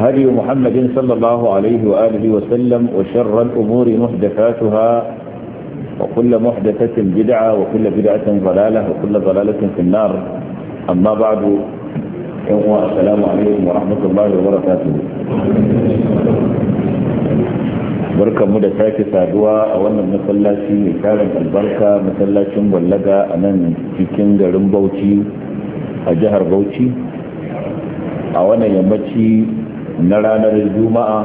هدي محمد صلى الله عليه وآله وسلم وشر الأمور محدثاتها وكل محدثة بدعة وكل بدعة ضلالة وكل ضلالة في النار أما بعد السلام عليكم ورحمة الله وبركاته barkan mu da sake saduwa a wannan masallaci mai tarin albarka masallacin wallaga a nan cikin garin bauchi a jihar bauchi a wannan yammaci na ranar juma'a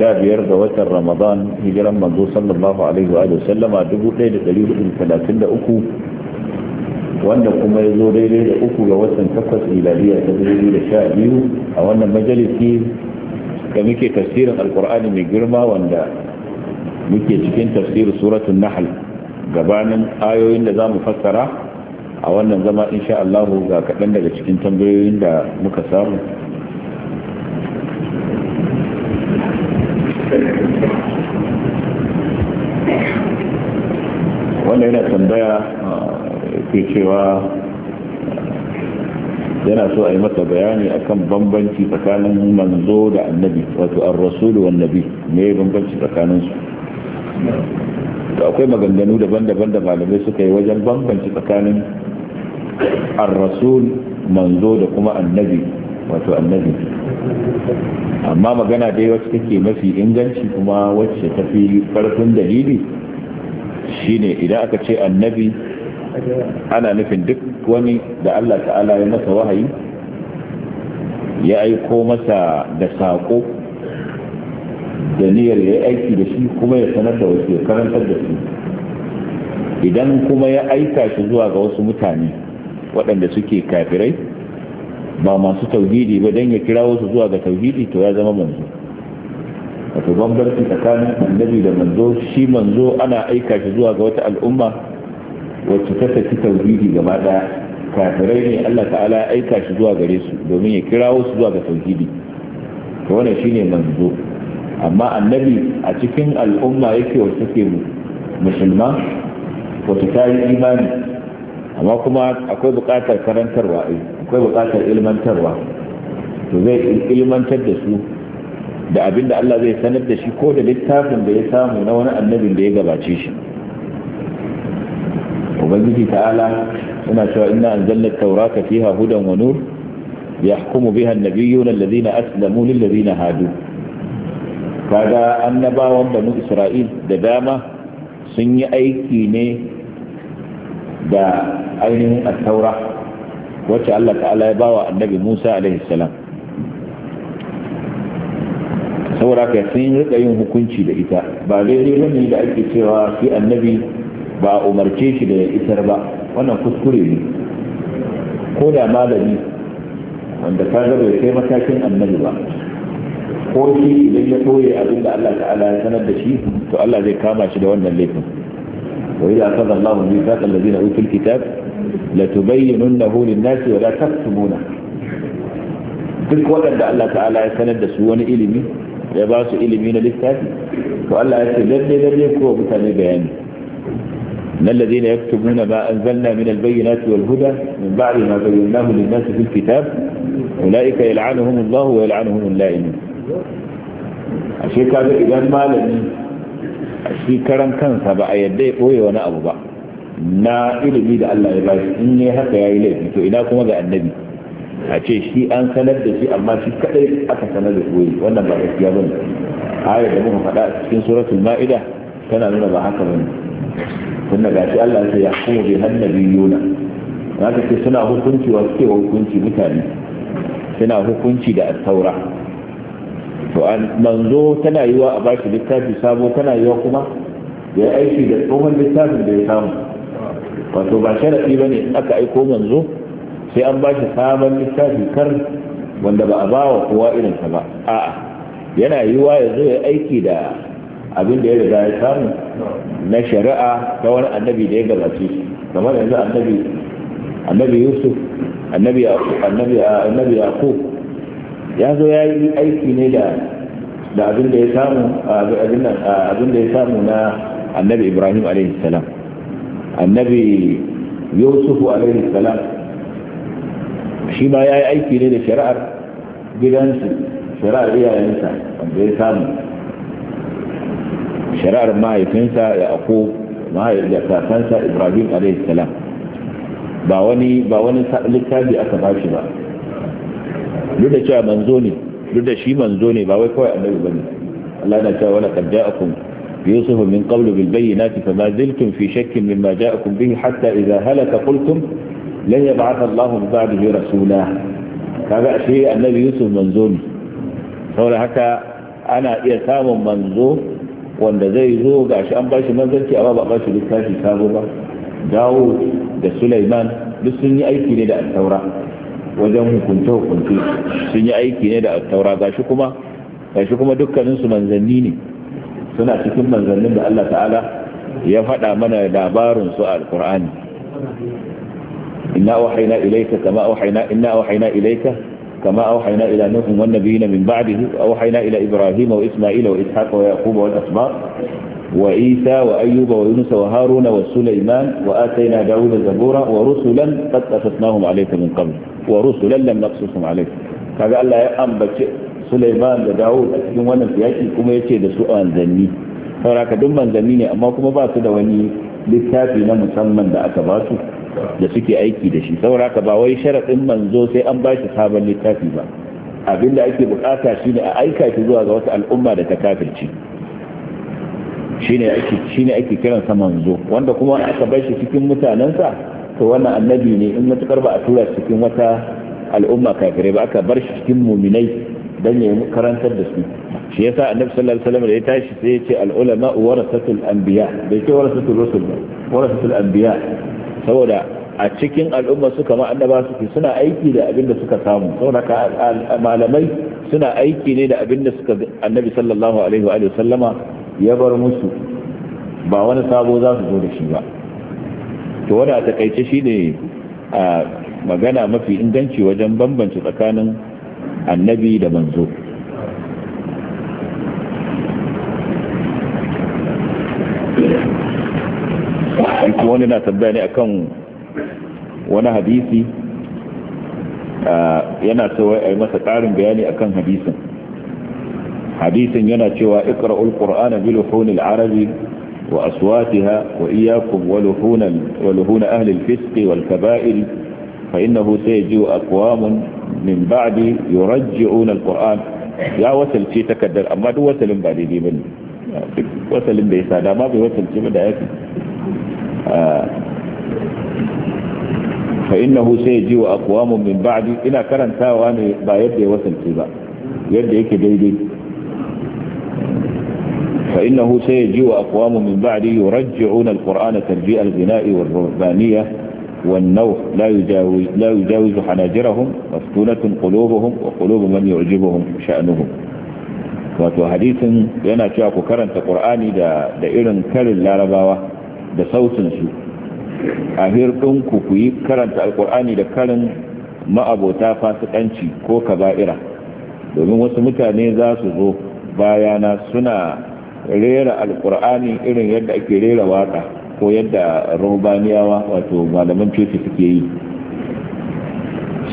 15 ga watan ramadan hijiran manzo sallallahu alaihi wa sallama 1433 wanda kuma ya zo daidai da uku ga watan takwas miladiya ta 2012 a wannan majalisi ga muke tafsirin alkur'ani mai girma wanda muke cikin tafsirin suratun nahal gabanin ayoyin da za mu fassara a wannan zama insha Allah ga kaɗan daga cikin tambayoyin da muka samu wanda yana tambaya eh, ke cewa eh, yana so a yi mata bayani akan bambanci tsakanin manzo da annabi wato ar-rasulu wan nabi bambanci tsakanin su da akwai maganganu daban-daban da malamai suka yi wajen bambanci tsakanin an rasul manzo da kuma annabi wato annabi amma magana dai wacce take mafi inganci kuma wacce tafi karfin dalili shine idan aka ce annabi ana nufin duk wani da Allah ta'ala ya masa wahayi ya aiko masa da saƙo da niyyar ya aiki da shi kuma ya sanar da wasu ya karantar da su idan kuma ya aika shi zuwa ga wasu mutane waɗanda suke kafirai ba masu tauhidi ba don ya kira wasu zuwa ga tauhidi to ya zama manzo wato bambanci tsakanin annabi da manzo shi manzo ana aika shi zuwa ga wata al'umma wacce ta tafi tauhidi gaba daya kafirai ne Allah ta'ala ya aika shi zuwa gare su domin ya kirawo su zuwa ga tauhidi to wannan shine manzo amma annabi a cikin al'umma yake wacce take musulma wacce ta yi imani amma kuma akwai buƙatar karantarwa eh, akwai buƙatar ilmantarwa to zai ilmantar da su da abin da Allah zai sanar da shi ko da littafin da ya samu na wani annabin da ya gabace shi ubangiji ta'ala suna cewa inna anzalna taurata fiha hudan wa nur yahkumu biha an-nabiyyun alladhina aslamu lil ladina hadu kaga annabawan banu isra'il da dama sun yi aiki ne da ainihin at-taura wacce Allah ta'ala ya bawa annabi Musa alaihi salam saboda ka sun rika yin hukunci da ita ba daidai bane da ake cewa shi annabi ba umarce shi da ya isar ba wannan kuskure ne ko da malami wanda ka ga ya kai matakin annabi ba ko shi idan ya koye abin da Allah ta'ala ya sanar da shi to Allah zai kama shi da wannan laifin wa idza akhadha Allahu mithaqa alladhina utul kitab la tubayyinunahu lin-nasi wa la taktumunahu duk waɗanda Allah ta'ala ya sanar da su wani ilimi ya ba su ilimi na littafi to Allah ya ce lalle lalle ko mutane bayani nan ladina ba ma anzalna min albayyinati wal huda min ba'di ma bayyanahu lin nas fil kitab ulaika yal'anuhum Allah wa yal'anuhum al-la'imin a shekaru idan malami a shekaran kansa ba a yadda ya boye wani abu ba na ilimi da Allah ya ba shi in ne haka yayi laifi to ina kuma ga annabi a ce shi an sanar da shi amma shi kadai aka sanar da shi wannan ba gaskiya ba ne ayar da muka faɗa cikin suratul ma'ida tana nuna ba haka ba ne tunda ga shi Allah ya kuma bi hannabiyuna haka ce suna hukunci wa suke hukunci mutane suna hukunci da taura to an manzo tana yiwa a bashi littafi sabo tana yiwa kuma ya aiki da tsohon littafin da ya samu wato ba sharaɗi ba ne aka aiko manzo sai an ba shi sabon littafi kar wanda ba a ba wa kowa irinsa ba a'a yana wa ya zo ya aiki da abin da ya riga ya samu na shari'a ta wani annabi da ya gabace shi kamar yanzu annabi annabi yusuf annabi annabi annabi yaqub ya zo ya yi aiki ne da da abin da ya samu abin da ya samu na annabi ibrahim alaihi salam annabi yusuf alaihi salam shi ba ya yi aiki ne da shari'ar gidansu shari'ar iyayensa wanda ya samu shari'ar mahaifinsa ya ako da kakansa ibrahim a.s. ba wani ba wani littafi aka ba shi ba duk da cewa manzo ne duk da shi manzo ne ba wai kawai annabi ba ne Allah na cewa wala qad ja'akum يوسف من قبل بالبينات فما زلتم في شك مما جاءكم به حتى إذا هلك قلتم lan yab'atha Allahu bi ba'dihi rasula kaga ashe annabi Yusuf manzo ne saboda haka ana iya samun manzo wanda zai zo gashi an bashi manzanci amma ba bashi littafi sabo ba dawo da Sulaiman duk sun yi aiki ne da attaura wajen hukunce hukunce sun yi aiki ne da attaura gashi kuma gashi kuma manzanni ne suna cikin manzannin da Allah ta'ala ya faɗa mana labarin su a alkur'ani inna wahayna ilayka kama wahayna inna wahayna ilayka kama wahayna ila nuhin wa nabiyina min ba'dihi ila ibrahim wa isma'il wa ishaq wa yaqub wa isa wa ayyub wa yunus wa haruna wa sulayman wa atayna daud zabura wa rusulan qad qasasnahum alayka min qabl wa rusulan lam naqsusum alayka kaga Allah ya ambace sulayman da daud a cikin wannan yaki kuma yace da su manzanni saboda haka duk manzanni ne amma kuma ba su da wani littafi na musamman da aka ba da suke aiki da shi saboda haka ba wai sharaɗin manzo sai an bashi sabon littafi ba abinda ake bukata shine a aika shi zuwa ga wata al'umma da ta kafirci shine ake shine ake kiran sa manzo wanda kuma aka bar shi cikin mutanansa to wannan annabi ne in matukar ba a tura cikin wata al'umma kafire ba aka bar shi cikin muminai dan ya karantar da su shi yasa annabi sallallahu alaihi wasallam da ya tashi sai ya ce al ulama warasatul anbiya bai ce warasatul rusul ba warasatul anbiya saboda a cikin al'umma suka ma suke suna aiki da abin da suka samu saboda ka malamai suna aiki ne da abin da suka annabi sallallahu alaihi wa sallama ya bar musu ba wani sabo za su zo da shi ba to wanda a takaice shine a magana mafi inganci wajen bambance tsakanin annabi da manzo wani na tambaya ne akan wani hadisi yana so a yi masa ƙarin bayani akan hadisin hadisin yana cewa ikra'ul qur'ana bi luhunil arabi wa aswatiha wa iyyakum wa luhunal wa luhuna ahli al-fisq wal kaba'ir fa innahu sayji'u aqwamun min ba'di yurajji'una al-qur'an ya wasalci takaddar amma duk wasalin ba daidai bane duk wasalin bai ya sada ma bai wasalci ba da yake آه. فإنه سيجي أقوام من بعد إنا كرن تاواني با يدي وصل سيبا يدي إيكي ديدي فإنه سيجي أقوام من بعد يرجعون القرآن ترجيع الغناء والرهبانية والنوح لا يجاوز, لا يجاوز حناجرهم مفتونة قلوبهم وقلوب من يعجبهم شأنهم wato hadisin yana cewa ku karanta دا da da irin karin da sautinsu a hirɗin ku yi karanta alkur'ani da karin ma'abota fasikanci ko kaba'ira domin wasu mutane za su zo bayana suna rera alkur'ani irin yadda ake rera waka ko yadda rubaniyawa wato malaman coci suke yi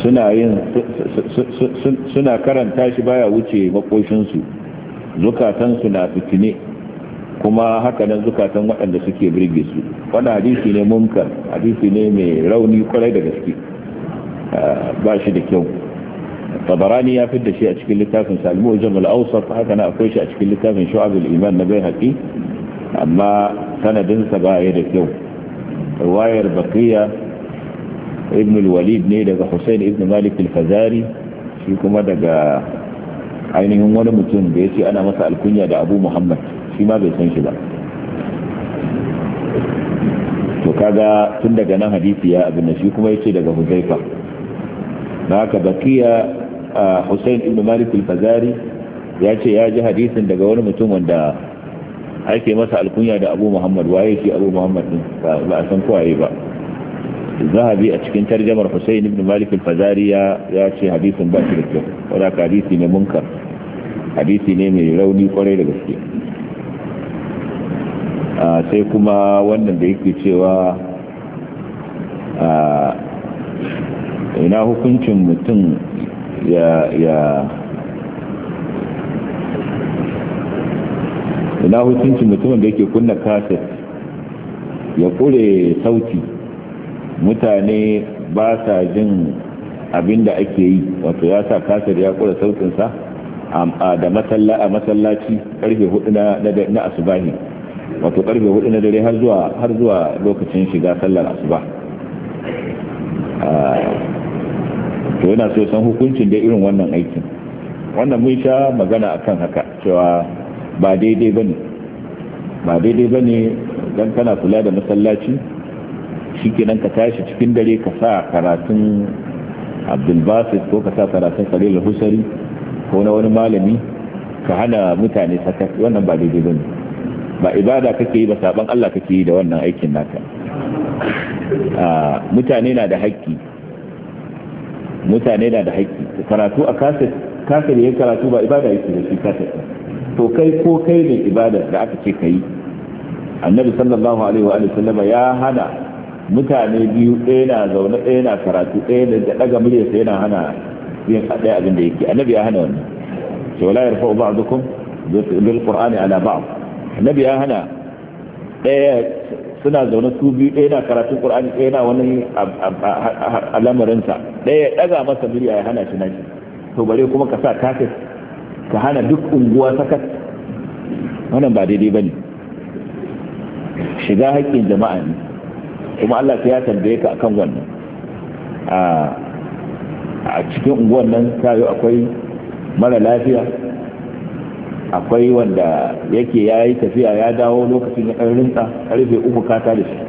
suna suna karanta shi baya wuce makoshinsu zukatansu na fitine kuma haka nan zukatan waɗanda suke birge su wannan hadisi ne munkar hadisi ne mai rauni kwarai da gaske ah, ba shi da kyau tabarani ya fidda shi a cikin littafin salmu jamal ausar haka nan akwai shi a cikin littafin shu'abul iman na bai haƙi amma sanadinsa ba ya da kyau wayar bakiya ibn walid ne daga husain ibn malik al-fazari shi kuma daga ainihin wani mutum da ya ce ana masa alkunya da abu muhammad shi ma bai san shi ba to kaga tun daga nan hadisi ya abin da shi kuma yace daga huzaifa na haka bakiya Hussein ibn Malik al-Fazari ya ce ya ji hadisin daga wani mutum wanda ake masa alkunya da Abu Muhammad waye shi Abu Muhammad din ba a san kowaye ba zahabi a cikin tarjamar Hussein ibn Malik al-Fazari ya ce hadisin ba shi da kyau wanda hadisi ne munkar hadisi ne mai rauni kwarai da gaske sai kuma wannan da yake cewa ina hukuncin mutum ya ina hukuncin mutumin da yake kunna kaset ya kure sauti mutane ba sa jin abin da ake yi wato ya sa kaset ya kure sautinsa da masallaci karfe hudu na asubahi wato karfe hudu na dare har zuwa lokacin shiga sallar asuba ah, to yana so san hukuncin da irin wannan aikin wannan mun sha magana akan haka cewa ba daidai bane ba daidai bane don kana kula da masallaci nan ka tashi cikin dare ka sa karatun Abdul ko ka sa karatun Khalil Husari ko na wani malami ka hana mutane sakar wannan ba daidai bane ba ibada kake yi ba saban Allah kake yi da wannan aikin naka mutane na da haƙƙi mutane na da haƙƙi karatu a kaset kaset ya karatu ba ibada yake da shi kaset to kai ko kai ne ibada da aka ce kai annabi sallallahu alaihi wa sallama ya hana mutane biyu ɗaya na zaune ɗaya na karatu ɗaya da daga sai yana hana yin ɗaya abin da yake annabi ya hana wannan to la yarfa'u ba'dukum bil qur'ani ala ba'd annabi ya hana ɗaya suna zaune su biyu ɗaya na karatun ƙur'ani ɗaya na wani al'amarinsa ɗaya ɗaga masa murya ya hana shi na shi to bare kuma ka sa kafin ka hana duk unguwa sakat wannan ba daidai ba ne shiga haƙƙin jama'a ne kuma Allah ya tambaye ka akan wannan a cikin unguwan nan kayo akwai mara lafiya akwai wanda yake ya yi tafiya ya dawo lokacin ya ɗan rinta karfe uku ka da shi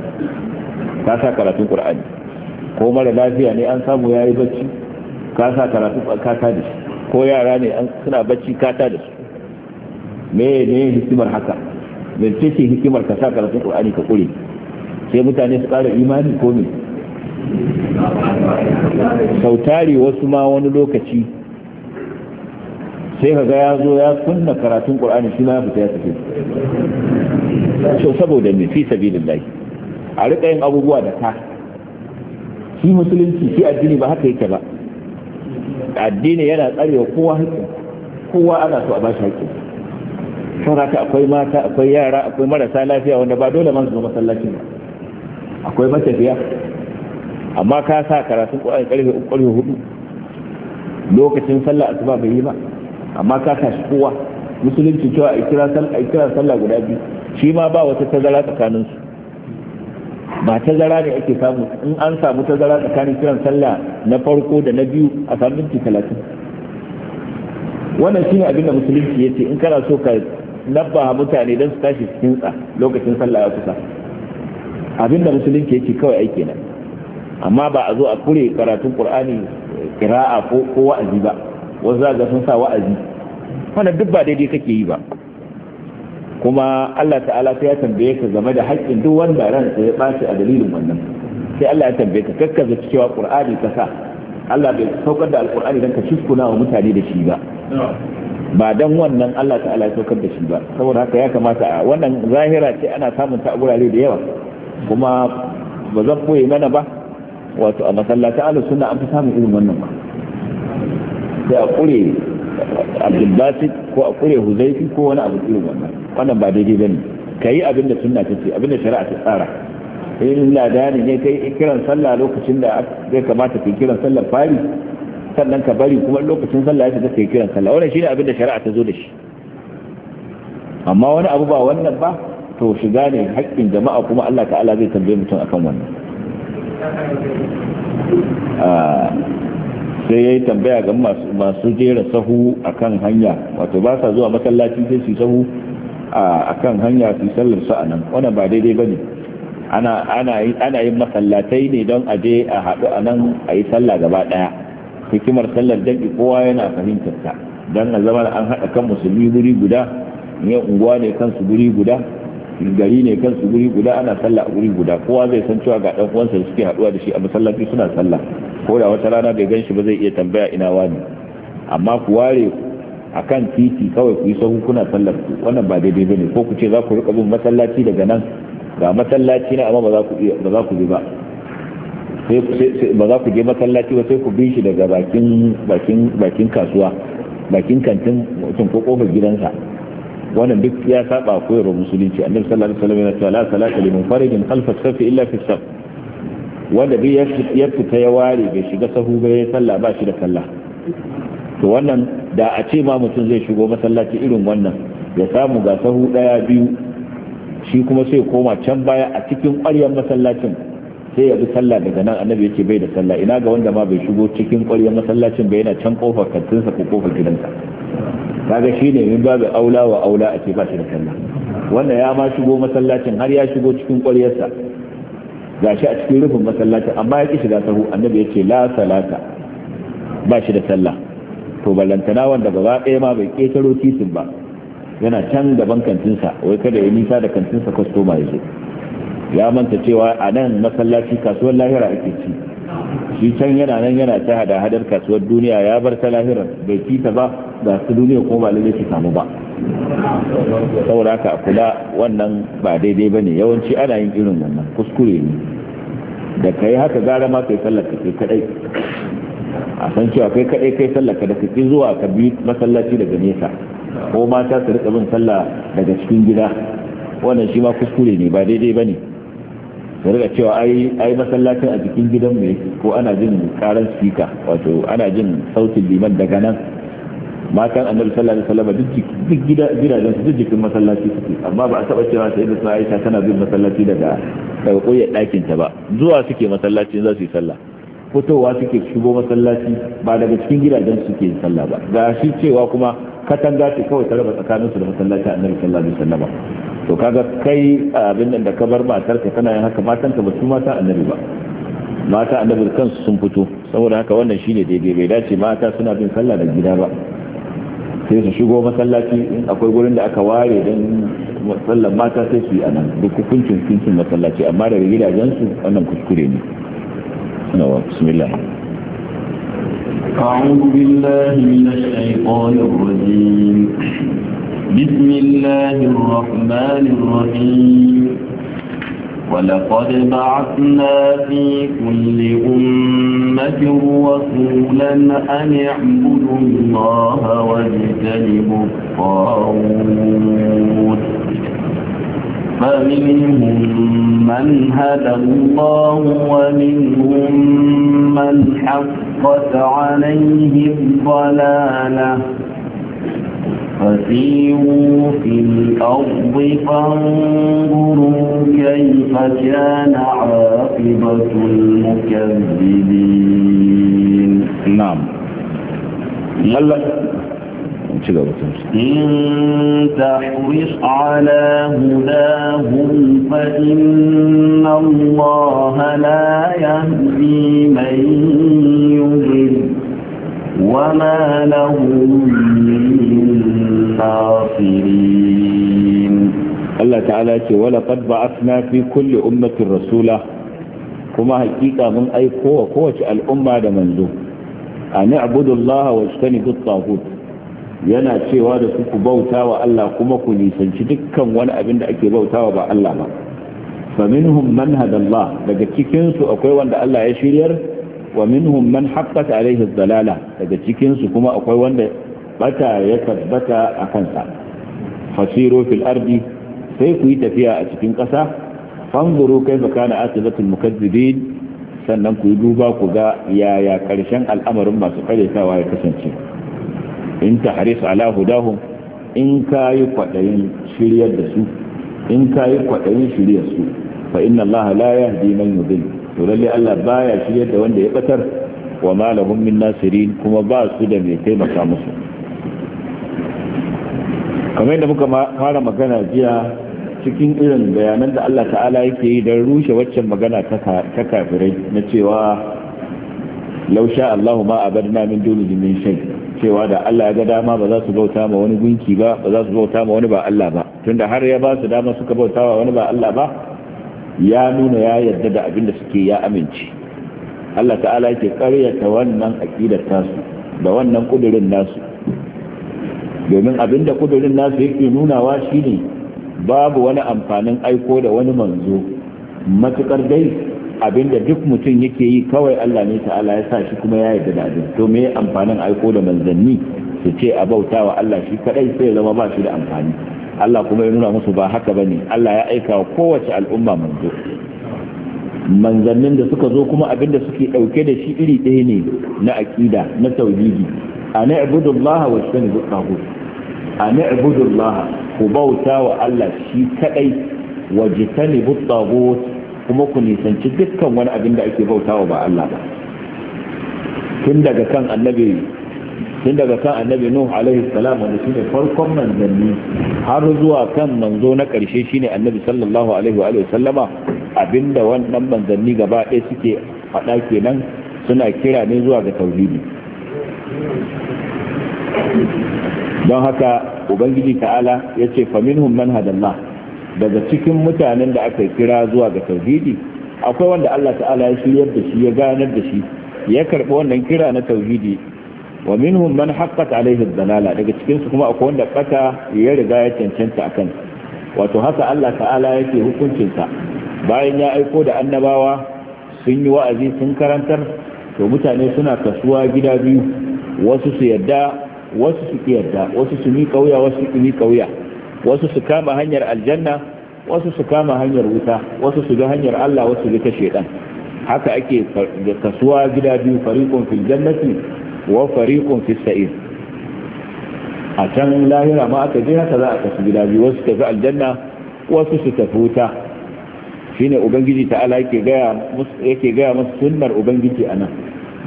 ka sa karatun ƙur'ani ko mara lafiya ne an samu ya yi bacci ka sa karatun ka da shi ko yara ne an suna bacci ka da su me ne hikimar haka zance ce hikimar ka sa karatun ƙur'ani ka ƙure sai mutane su ƙara imani ko ne sautari wasu ma wani lokaci sai ka ga ya zo ya kunna karatun qur'ani shi ma ya fita ya tafi so saboda me fi sabilillahi a rika yin abubuwa da ta. shi musulunci shi addini ba haka yake ba addini yana tsarewa kowa haƙƙin kowa ana so a bashi haƙƙi. sauraka akwai mata akwai yara akwai marasa lafiya wanda ba dole man su zo masallaci ba akwai matafiya amma ka sa karatun ƙwa'in ƙarfe uku ƙarfe hudu lokacin sallah asuba bai yi ba amma ka tashi kowa musulunci cewa a kira sallah guda biyu shi ma ba wata tazara tsakanin su ba tazara ne ake samu in an samu tazara tsakanin kiran sallah na farko da na biyu a samun minti talatin wannan shine abin da musulunci ya ce in kana so ka nabbaha mutane don su tashi cikin tsa lokacin sallah ya kusa abin da musulunci ya ce kawai aiki na amma ba a zo a kure karatun qur'ani kira'a eh, ko wa'azi ba wasu za sun sa wa'azi wannan duk ba daidai kake yi ba kuma Allah ta'ala Ta ya tambaye ka game da haƙƙin duk wanda ransa ya ɓaci a dalilin wannan sai Allah ya tambaye ka kakkaza cewa Qur'ani ka sa Allah bai saukar da Alƙur'ani don ka shuskuna wa mutane da shi ba ba dan wannan Allah ta'ala ya saukar da shi ba saboda haka ya kamata a wannan zahira ce ana samun ta gurare da yawa kuma ba zan koyi mana ba wato a masallata alu suna an fi samun irin wannan ba sai a kure abdulbasit ko a kure huzaifi ko wani abu irin wannan wannan ba daidai bane yi abin da sunna ce abin da shari'a ta tsara in ladani ne kai kiran sallah lokacin da zai kamata kai kiran sallar fari sannan ka bari kuma lokacin sallah ya shiga kai kiran sallah wannan shine abin da shari'a ta zo da shi amma wani abu ba wannan ba to shiga ne haƙƙin jama'a kuma Allah ta'ala zai tambaye mutum akan wannan ah. sai ya yi tambaya ga masu jera sahu a kan hanya wato ba sa zuwa masallaci sai su sahu a kan hanya su sallar su a nan wannan ba daidai ba ne ana yin masallatai ne don a je a haɗu a nan a yi sallah gaba ɗaya hikimar sallar jam'i kowa yana fahimtar ta don a zama an haɗa kan musulmi guri guda ne unguwa ne kansu guri guda gari ne kansu guri guda ana sallah a guri guda kowa zai san cewa ga dan uwansa suke haduwa da shi a masallaci suna sallah ko da wata rana bai ganshi ba zai iya tambaya ina wani amma ku ware akan titi kawai ku yi sahu kuna sallar ku wannan ba daidai bane ko ku ce za ku rika bin masallaci daga nan ga masallaci na amma ba za ku ba za ku bi ba sai ba za ku je masallaci ba sai ku bi shi daga bakin bakin bakin kasuwa bakin kantin mutum ko kofar gidansa wannan duk ya saba koyarwar musulunci annabi sallallahu alaihi wasallam yana cewa la salata liman faridin khalfa safi illa fi saf wanda bi ya fita ya ware bai shiga sahu bai ya sallah ba shi da sallah to wannan da a ce ma mutum zai shigo masallaci irin wannan ya samu ga sahu daya biyu shi kuma sai koma can baya a cikin ƙwaryar masallacin sai ya bi sallah daga nan annabi ya bai da sallah ina ga wanda ma bai shigo cikin ƙwaryar masallacin ba yana can kofar kantinsa ko kofar gidansa kaga ne min babu aula wa aula a ce ba shi da sallah wannan ya ma shigo masallacin har ya shigo cikin ƙwaryarsa gashi a cikin rufin masallacin amma ya ki shiga sahu annabi ya ce la salata ba shi da sallah to ballantana wanda gaba ɗaya ma bai ƙetaro titin ba yana can gaban kantinsa wai kada ya nisa da kantinsa kwastoma ya zo ya manta cewa a nan masallaci kasuwar lahira ake ci shi can yana nan yana ta hada hadar kasuwar duniya ya bar ta lahira bai ci ba ga su duniya ko ba lalle su samu ba saboda ka kula wannan ba daidai ba ne yawanci ana yin irin wannan kuskure ne da kai haka gara ma kai sallaka kai kadai a san cewa kai kadai kai sallaka da kake zuwa ka bi masallaci daga nesa ko mata su rika bin sallah daga cikin gida wannan shi ma kuskure ne ba daidai ba ne da riga cewa ai ai masallacin a cikin gidan mai ko ana jin karan sika wato ana jin sautin liman daga nan matan annabi sallallahu alaihi wasallam duk gidajen su duk masallaci suke amma ba a taba cewa sai da sai Aisha tana bin masallaci daga daga koyar dakin ta ba zuwa suke masallaci za su yi sallah fitowa suke shigo masallaci ba daga cikin gidajen suke yin sallah ba ga shi cewa kuma katanga ce kawai ta raba tsakaninsu da masallaci a nan sallah alaihi wasallam to kaga kai abin nan da ka bar ka kana yin haka matan ka ba su mata annabi ba mata annabi kansu sun fito saboda haka wannan shine daidai bai dace mata suna bin sallah da gida ba sai su shigo masallaci in akwai gurin da aka ware don sallar mata sai su yi anan duk hukuncin hukuncin masallaci amma daga gidajensu wannan kuskure ne نوى بسم الله أعوذ بالله من الشيطان الرجيم بسم الله الرحمن الرحيم ولقد بعثنا في كل أمة رسولا أن اعبدوا الله واجتنبوا الطاغوت فمنهم من هدى الله ومنهم من حقت عليه الضلالة فسيروا في الأرض فانظروا كيف كان عاقبة المكذبين نعم ci gaba tun ala hudahum fa inna Allah la yahdi man yudhil wa ma lahum min Allah ta'ala ce wala ba ba'athna fi kulle ummatin rasula kuma hakika mun aiko wa kowace al'umma da manzo أن اعبدوا الله واجتنبوا الطاغوت yana cewa da su ku bauta wa Allah kuma ku nisanci dukkan wani abin da ake bautawa ba Allah ba faminhum man hadallah daga cikin su akwai wanda Allah ya shiryar wa minhum man haqqat alaihi dalala daga cikin su kuma akwai wanda bata ya tabbata a kansa fasiru fil ardi sai ku yi tafiya a cikin ƙasa fanzuru kaifa kana asibitin mukazzibin sannan ku yi duba ku ga yaya karshen al'amarin masu karyatawa ya kasance in ta haris ala hudahum in ka yi kwaɗayin shiryar da su in ka yi kwaɗayin shiryar su fa inna Allah la yahdi man yudil to lalle Allah baya shiryar da wanda ya batar wa ma lahum min nasirin kuma ba su da mai taimaka musu kamar yadda muka fara magana jiya cikin irin bayanan da Allah ta'ala yake yi don rushe waccan magana ta kafirai na cewa lausha Allahu ma abadna min dunihi min cewa da Allah ya ga dama ba za su bauta ma wani gunki ba ba za su bauta ma wani ba Allah ba tunda har ya ba su dama suka bauta wa wani ba Allah ba ya nuna ya yarda da abin da suke ya amince Allah ta'ala yake karyata wannan aqidar tasu da wannan kudurin nasu domin abin da kudurin nasu yake nunawa shine babu wani amfanin aiko da wani manzo matukar dai abinda duk mutum yake yi kawai Allah ne ta'ala ya sa shi kuma ya yarda da abin to me amfanin aiko da manzanni su ce a bautawa Allah shi kadai sai zama ba shi da amfani Allah kuma ya nuna musu ba haka bane Allah ya aika wa kowace al'umma manzo manzannin da suka zo kuma abin da suke dauke da shi iri ɗaya ne na aqida na tauhidi ana ibudullaha wa ana ku bauta wa Allah shi kadai wa jitanibu tagut kuma ku nisanci dukkan wani abin da ake bautawa ba Allah ba tun daga kan annabi tun daga kan annabi nuh alaihi salam wanda shine farkon manzanni har zuwa kan manzo na karshe shine annabi sallallahu alaihi wa sallama abinda wannan manzanni gaba ɗaya suke faɗa kenan suna kira ne zuwa ga tauhidi don haka ubangiji ta'ala ya ce faminhum man hadallah daga cikin mutanen da aka kira zuwa ga tauhidi akwai wanda Allah ta'ala ya shiryar da shi ya ganar da shi ya karɓi wannan kira na tauhidi wa minhum man haqqat alaihi dalala daga cikin su kuma akwai wanda bata ya riga ya cancanta akan wato haka Allah ta'ala yake hukuncin sa bayan ya aiko da annabawa sun yi wa'azi sun karantar to mutane suna kasuwa gida biyu wasu su yadda wasu su yadda wasu su mi kauya wasu su mi kauya wasu su kama hanyar aljanna wasu su kama hanyar wuta wasu su ga hanyar Allah wasu su ta shedan haka ake kasuwa gida biyu fariqun fil jannati wa fariqun fis sa'ir a can lahira ma aka je haka za a kasu gida biyu wasu tafi aljanna wasu su tafi wuta shine ubangiji ta'ala yake gaya yake gaya musu sunnar ubangiji anan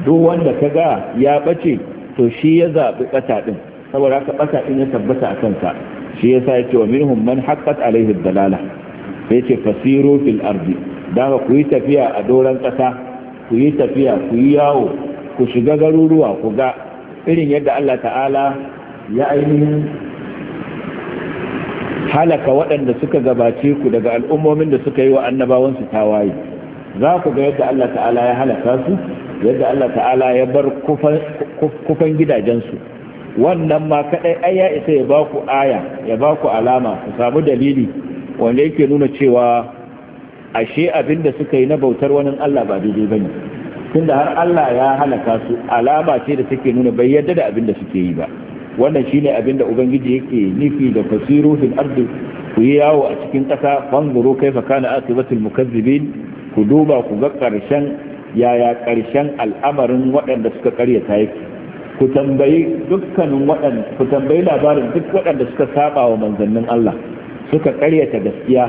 duk wanda ka ga ya bace to shi ya zabi bata din saboda haka bata din ya tabbata a kansa shi yasa yace wa minhum man haqqat alaihi dalala yace fasiru fil ardi daga ku yi tafiya a doran kasa ku yi tafiya ku yi yawo ku shiga garuruwa ku ga irin yadda Allah ta'ala ya ainihin halaka waɗanda suka gabace ku daga al'ummomin da suka yi wa annabawansu tawaye za ku ga yadda Allah ta'ala ya halaka su yadda Allah ta'ala ya bar kufan gidajensu wannan ma kadai ai ya isa ya baku aya ya baku alama ku samu dalili wanda yake nuna cewa ashe abin da suka yi na bautar wani Allah ba daidai bane tunda har Allah ya halaka su alama ce da take nuna bai yarda da abin da suke yi ba wannan shine abin da ubangiji yake nifi da fasiru fil ard ku yi yawo a cikin ƙasa kai kaifa kana akibatul mukazzibin ku duba ku ga karshen yaya karshen al'amarin waɗanda suka ƙaryata yake ku tambayi dukkanin ku tambayi labarin duk waɗanda suka saba wa manzannin Allah suka ƙaryata gaskiya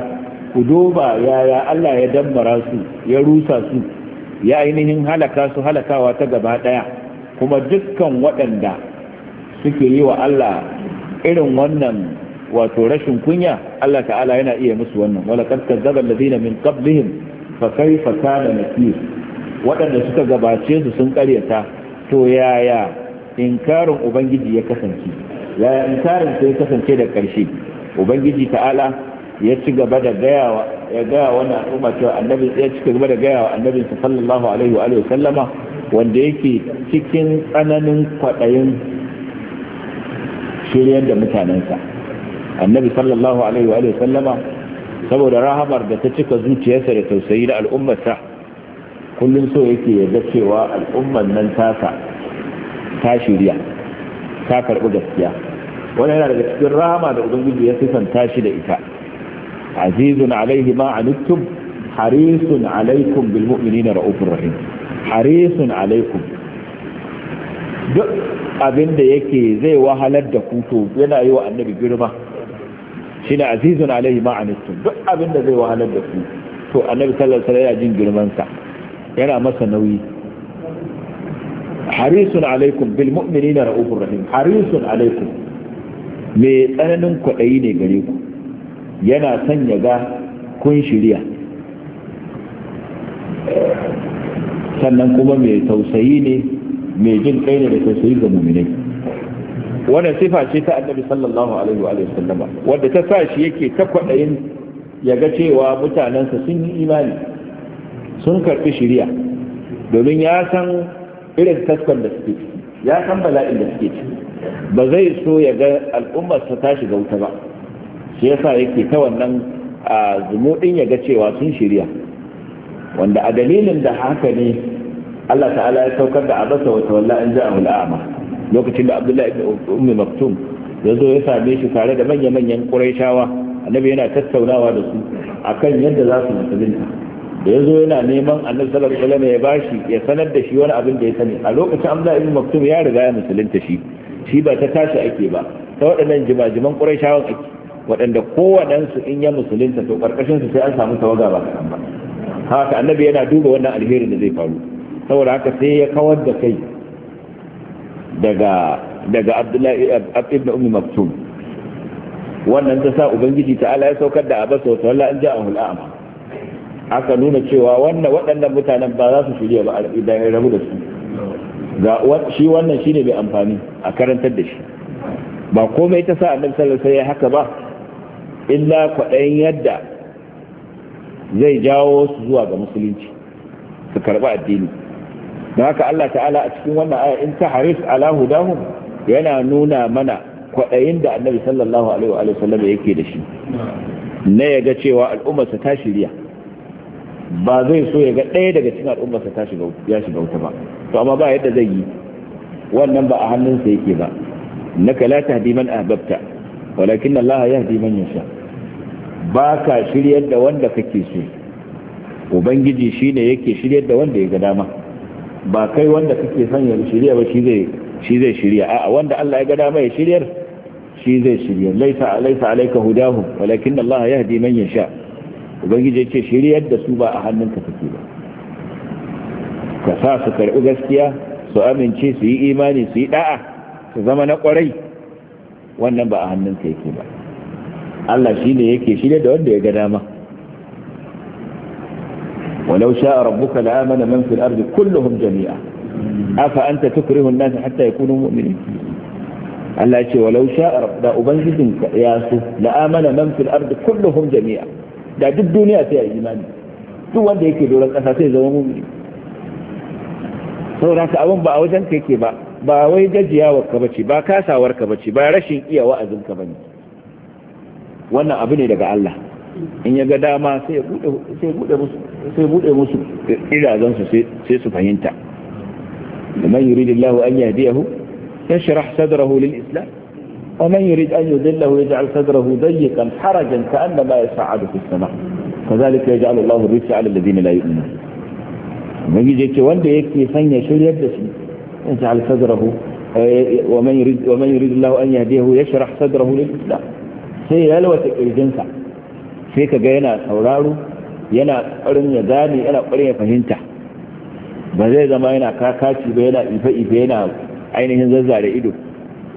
ku duba yaya Allah ya dammara su ya rusa su ya ainihin halaka su halakawa ta gaba ɗaya kuma dukkan waɗanda suke yi wa Allah irin wannan wato rashin kunya Allah ta'ala yana iya musu wannan wala qad kadzdzaba alladhina min qablihim fa kayfa kana nakir waɗanda suka gabace su sun ƙaryata to yaya inkarin ubangiji ya kasance ya inkarin sai ya kasance da karshe ubangiji ta'ala ya ci gaba da gaya ya gaya wannan al'umma cewa annabi ya ci gaba da gaya wa annabin sallallahu alaihi wa sallama wanda yake cikin tsananin kwaɗayin shiryar da mutanensa annabi sallallahu alaihi wa sallama saboda rahamar da ta cika zuciyarsa da tausayi da al'ummarsa kullum so yake yarda cewa al'ummar nan tasa ka shirya ka karɓi gaskiya wani yana daga cikin rama da ubangiji ya sifanta shi da ita azizun alaihi ma anittum harisun alaikum bil mu'minina raufur rahim harisun alaikum duk abin da yake zai wahalar da ku to yana yi wa annabi girma shine azizun alaihi ma anittum duk abin da zai wahalar da ku to annabi sallallahu alaihi wasallam yana jin girman sa yana masa nauyi harisun alaikum bil mu'minina ra'ufur rahim harisun alaikum me tsananin kwaɗayi ne gare ku yana son ya ga kun shirya sannan kuma mai tausayi ne mai jin kai ne da tausayi ga muminai Wani sifa ce ta annabi sallallahu alaihi wa sallama Wadda ta sa shi yake ta kwaɗayin ya ga cewa mutanensa sun yi imani sun karɓi shirya domin ya san irin kaskon da suke ya san bala'in da suke ba zai so ya ga al'ummarsa ta ga wuta ba shi yasa yake ta wannan a zumuɗin ya ga cewa sun shirya wanda a dalilin da haka ne Allah ta'ala ya saukar da abasa wa tawalla an ja'a al'ama lokacin da Abdullahi ibn Ummi Maktum ya zo ya same shi tare da manya-manyan Qurayshawa annabi yana tattaunawa da su akan yadda za su musulunta da ya zo yana neman annabi sallallahu alaihi wasallam ya bashi ya sanar da shi wani abin da ya sani a lokacin amza ibn maktum ya riga ya musulunta shi shi ba ta tashi ake ba ta waɗannan jimajiman qurayshawan ake waɗanda su in ya musulunta to ƙarƙashin su sai an samu tawaga ba kaɗan ba haka annabi yana duba wannan alherin da zai faru saboda haka sai ya kawar da kai daga daga abdullahi ibn ummi maktum wannan ta sa ubangiji ta'ala ya saukar da abasa wa tawalla an ja'ahu al'ama aka nuna cewa wannan waɗannan mutanen ba za su shirya ba idan ya rabu da su ga shi wannan shine mai amfani a karantar da shi ba komai ta sa annabi sallallahu alaihi wasallam haka ba illa kwaɗayin yadda zai jawo su zuwa ga musulunci su karɓi addini don haka Allah ta'ala a cikin wannan aya in ta haris ala hudahum yana nuna mana kwaɗayin da annabi sallallahu alaihi wa sallam yake da shi na yaga cewa al'ummarsa ta shirya ba zai so ya ga ɗaya daga cikin al'ummarsa ta shiga ya shiga wuta ba to amma ba yadda zai yi wannan ba a hannunsa yake ba naka la tahdi man ahbabta walakin Allah yahdi man yasha ba ka shiryar da wanda kake so ubangiji shine yake shiryar da wanda ya ga dama ba kai wanda kake son ya shirya ba shi zai shi zai shirya a'a wanda Allah ya ga dama ya shiryar shi zai shirya laisa laisa alayka hudahu. walakin Allah yahdi man yasha ubangiji ya ce shiryar da su ba a hannunka take ba ka sa su karɓi gaskiya su amince su yi imani su yi da'a su zama na kwarai wannan ba a hannunka yake ba Allah shi ne yake shirya da wanda ya ga dama walau sha'a rabbuka la'amana man fil ardi kulluhum jami'a afa anta tukrihu an-nasa hatta yakunu mu'minin Allah ya ce walau sha'a rabbuka Ubangijin ya su la'amana man fil ardi kulluhum jami'a da duk duniya sai a imani duk wanda yake doron ƙasa sai zama mumini sau da abin ba a wajen ka yake ba ba wai gajiyawar ka bace ba kasawar ka bace ba rashin iya wa'azin ka bane wannan abu ne daga Allah in ya ga dama sai bude sai bude musu sai bude musu irazan su sai su fahimta man yuridillahu an yahdiyahu yashrah sadrahu lil islam ومن يريد أن يذله ويجعل صدره ضيقا حرجا كأنما يصعد في السماء كذلك يجعل الله الرجس على الذين لا يؤمنون من يجي wanda yake sanya shiryar da shi yaj'al sadrahu wa man yurid wa man yurid Allah an yahdihi sai ya yalwata kirjinsa sai kaga yana sauraro yana ƙarin ya yana ƙarin fahimta ba zai zama yana kakaci ba yana ife ife yana ainihin zazzare ido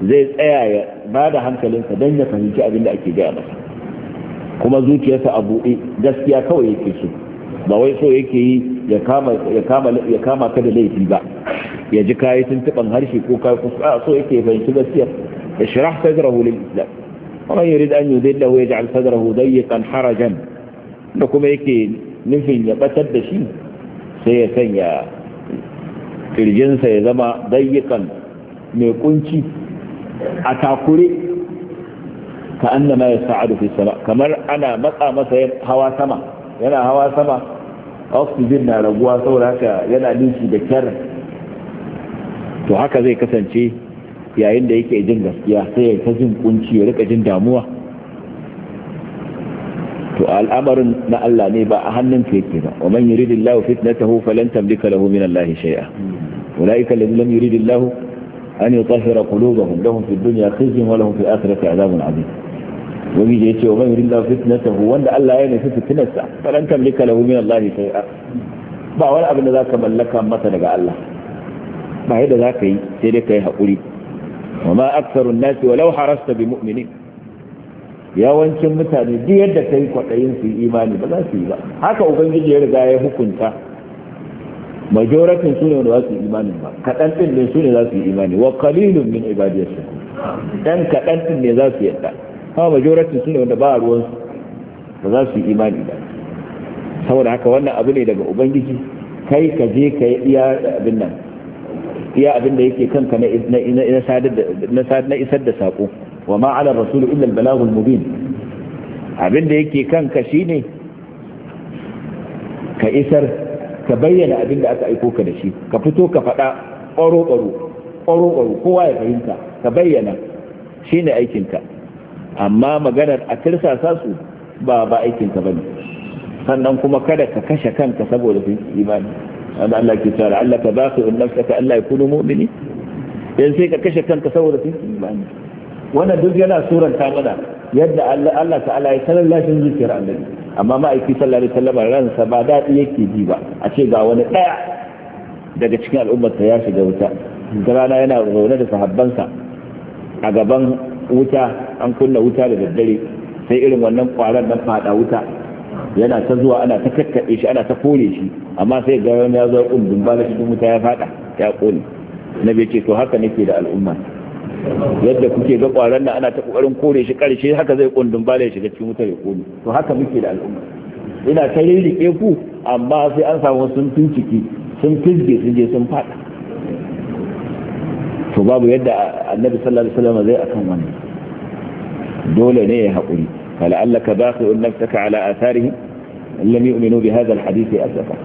zai tsaya ba da hankalinsa dan ya fahimci abin da ake gaya kuma zuciyarsa a buɗe gaskiya kawai yake so ba wai so ya kama ka da laifi ba ya ji kayi tun tuban harshe ko kayi kuskura so yake ya fahimci gaskiya ya shirah sadra hu lil islam kuma yin rid an yuzil lahu yaj'al sadra hu dayyiqan harajan da kuma yake nufin ya batar da shi sai ya sanya kirjinsa ya zama dayyiqan mai kunci a takure ka annama ya sa'adu fi sama kamar ana matsa masa hawa sama yana hawa sama oxygen na raguwa saboda haka yana dinki da kyar to haka zai kasance yayin da yake jin gaskiya sai ya ta jin kunci ya rika jin damuwa to al'amarin na Allah ne ba a hannunka yake ba wa man yuridillahu fitnatahu falan tamlika lahu min Allah shay'a ulaika lam yuridillahu an yutahhira qulubahum lahum fid dunya khizyun wa lahum fil akhirati adhabun adhim wani da yace wa man yuridillahu hu wanda Allah ya nufi fitnarsa falan tamlika lahu min Allah shay'a ba wani abin da ka mallaka masa daga Allah ba yadda ka yi sai dai kai hakuri wa ma aktharu an-nasi walau harasta bi mu'minin yawancin mutane duk yadda yi kwaɗayin su imani ba za su yi ba haka ubangiji ya riga ya hukunta majoratin su ne wanda za su yi imani ba kaɗan ɗin ne su ne za su yi imani wa qalilun min ibadiyar su ɗan kaɗan ɗin ne za su yadda amma majoratin su ne wanda ba a ruwansu ba za su yi imani ba saboda haka wannan abu ne daga ubangiji kai ka je ka yi iya abin nan iya abin da yake kanka na na isar da sako wa ma ala rasul illa al al mubin abin da yake kanka shine ka isar ka bayyana abin da aka aiko ka da shi ka fito ka faɗa ƙwaro-ƙwaro ƙwaro-ƙwaro kowa ya fahimta ka bayyana shi ne aikinka amma maganar a tirsasa su ba ba aikinka ba ne sannan kuma kada ka kashe kanka saboda sun ki imani wanda Allah ke cewa Allah ka ba su in ka, Allah ya kunu mu'mini yanzu sai ka kashe kanka saboda sun ki imani wannan duk yana suranta mana yadda Allah ta'ala ya sanar lashin zuciyar annabi amma ma'aiki sallallahu alaihi wasallam ransa ba daɗi yake ji ba a ce ga wani ɗaya daga cikin al'ummarsa ya shiga wuta rana yana zaune da sahabbansa a gaban wuta an kunna wuta da daddare sai irin wannan kwaran na fada wuta yana ta zuwa ana ta kakkaɓe shi ana ta kore shi amma sai ga wani ya zo ƙundun ba da cikin wuta ya fada ya ƙone na ce to haka nake da al'umma yadda kuke ga kwaron da ana ta kokarin kore shi karshe haka zai kundin bala ya shiga cikin wutar ya kone to haka muke da al'umma ina ta rirrike ku amma sai an samu sun tunciki sun fizge sun je sun fada to babu yadda annabi sallallahu alaihi wasallam zai akan wannan dole ne ya haƙuri fala'allaka baqi'un nafsaka ala atharihi lam yu'minu bi hadha alhadith asafa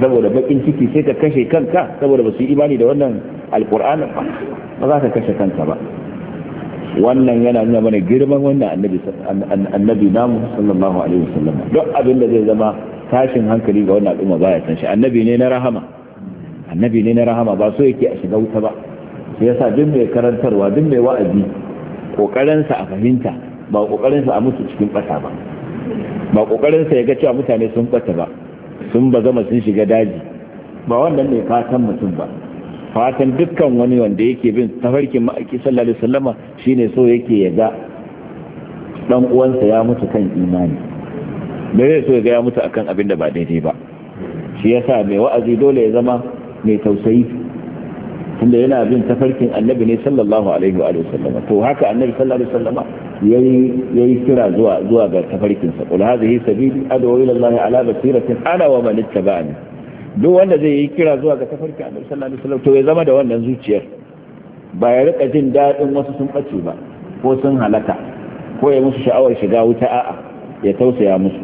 saboda bakin ciki sai ka kashe kanka saboda ba su yi imani da wannan Alkur'an ba ba za ka kashe kanka ba wannan yana nuna mana girman wannan annabi annabi namu sallallahu alaihi wasallam duk abin da zai zama tashin hankali ga wannan al'umma baya san shi annabi ne na rahama annabi ne na rahama ba so yake a shiga wuta ba sai yasa duk mai karantarwa duk mai wa'azi kokarin sa a fahimta ba kokarin sa a mutu cikin bata ba ba kokarin sa ya ga cewa mutane sun bata ba sun ba zama sun shiga daji ba wannan ne fatan mutum ba fatan dukkan wani wanda yake bin tafarkin ma'aiki sallallahu alaihi wasallama shine so yake ya ga dan uwansa ya mutu kan imani da zai so ya ga ya mutu akan abin da ba daidai ba shi yasa mai wa'azi dole ya zama mai tausayi tunda yana bin tafarkin annabi ne sallallahu alaihi wa sallam to haka annabi sallallahu alaihi wa sallam yayi yayi kira zuwa zuwa ga tafarkin sa qul hadhihi sabili ad'u ila allah ala basiratin ana wa man ittaba'ani duk wanda zai yi kira zuwa ga tafarkin annabi sallallahu alaihi wa sallam to ya zama da wannan zuciyar ba ya rika jin dadin wasu sun bace ba ko sun halaka ko ya musu sha'awar shiga wuta a'a ya tausaya musu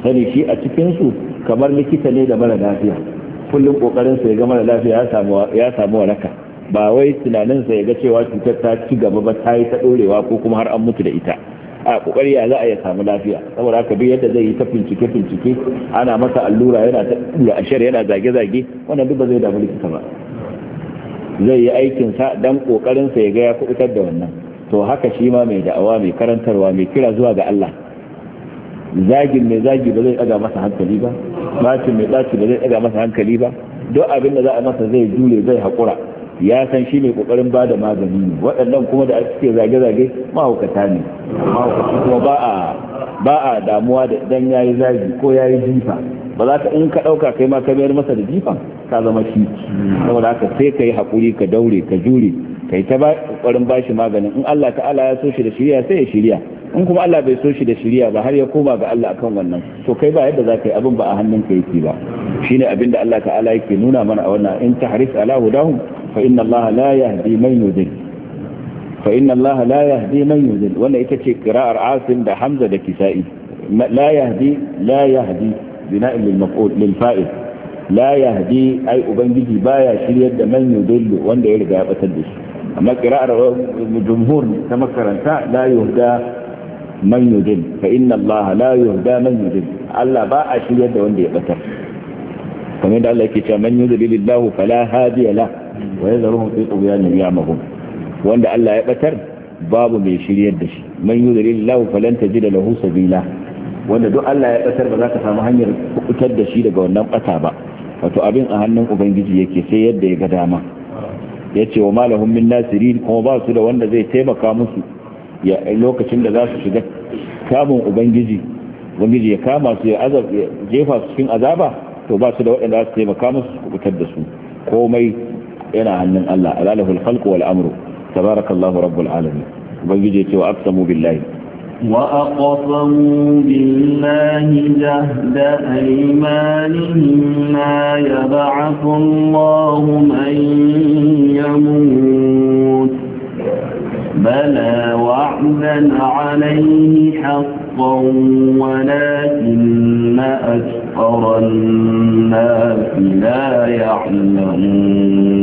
sani shi a cikin su kamar likita ne da mara lafiya kullum kokarin sa ya gama da lafiya ya samu ya samu waraka ba wai tunanin sa ya ga cewa cutar ta ci gaba ba ta yi ta dorewa ko kuma har an mutu da ita a kokari ya za a ya samu lafiya saboda haka bi yadda zai yi ta fincike bincike ana masa allura yana ta dura ashar yana zage zage wannan duk ba zai damu likita ba zai yi aikin sa dan kokarin sa ya ga ya kubutar da wannan to haka shi ma mai da'awa mai karantarwa mai kira zuwa ga Allah zagin mai zagi ba zai ɗaga masa hankali ba bacin mai baci ba zai ɗaga masa hankali ba don abin da za a masa zai jure zai haƙura ya san shi mai kokarin ba da magani ne waɗannan kuma da ake zage-zage mahaukata ne kuma ba a damuwa da idan ya yi zagi ko ya yi jifa ba za ka in ka ɗauka kai ma ka mayar masa da jifan ka zama shi saboda haka sai ka yi haƙuri ka daure ka jure ka yi ta ƙwarin bashi maganin in Allah ta'ala ya so shi da shirya sai ya shirya in kuma Allah bai so shi da shirya ba har ya koma ga Allah akan wannan to kai ba yadda za ka yi abin ba a hannunka yake ba shine abin da Allah ta'ala yake nuna mana a wannan in tahris ala hudahum fa inna Allah la yahdi man yudil fa inna Allah la yahdi man yudil wannan ita ce qira'ar Asim da Hamza da Kisa'i la yahdi la yahdi بناء للمفعول للفائل لا يهدي أي أبنجي بايا شريد من يضل وان يرجع يبتدش أما قراءة الجمهور كما كرنتا لا يهدى من يضل فإن الله لا يهدى من يضل ألا باع شريد وان يبتر كما يدعى الله كتا من يضلل الله فلا هادي له ويذرهم في طغيان يعمهم وان الله يبتر باب من شريد دش من يضلل الله فلن تجد له سبيلا wanda duk Allah ya batar ba za ka samu hanyar kubutar da shi daga wannan bata ba wato abin a hannun ubangiji yake sai yadda ya ga dama ya ce wa malahun min kuma ba su da wanda zai taimaka musu ya lokacin da za su shiga kamun ubangiji ubangiji ya kama su ya jefa su cikin azaba to ba su da waɗanda za su taimaka musu su kubutar da su komai yana hannun Allah alalahul khalqu wal amru tabarakallahu rabbul alamin ubangiji ya ce wa aqsamu billahi وأقسموا بالله جهد أيمانهم ما يبعث الله من يموت بلى وعدا عليه حقا ولكن أكثر الناس لا يعلمون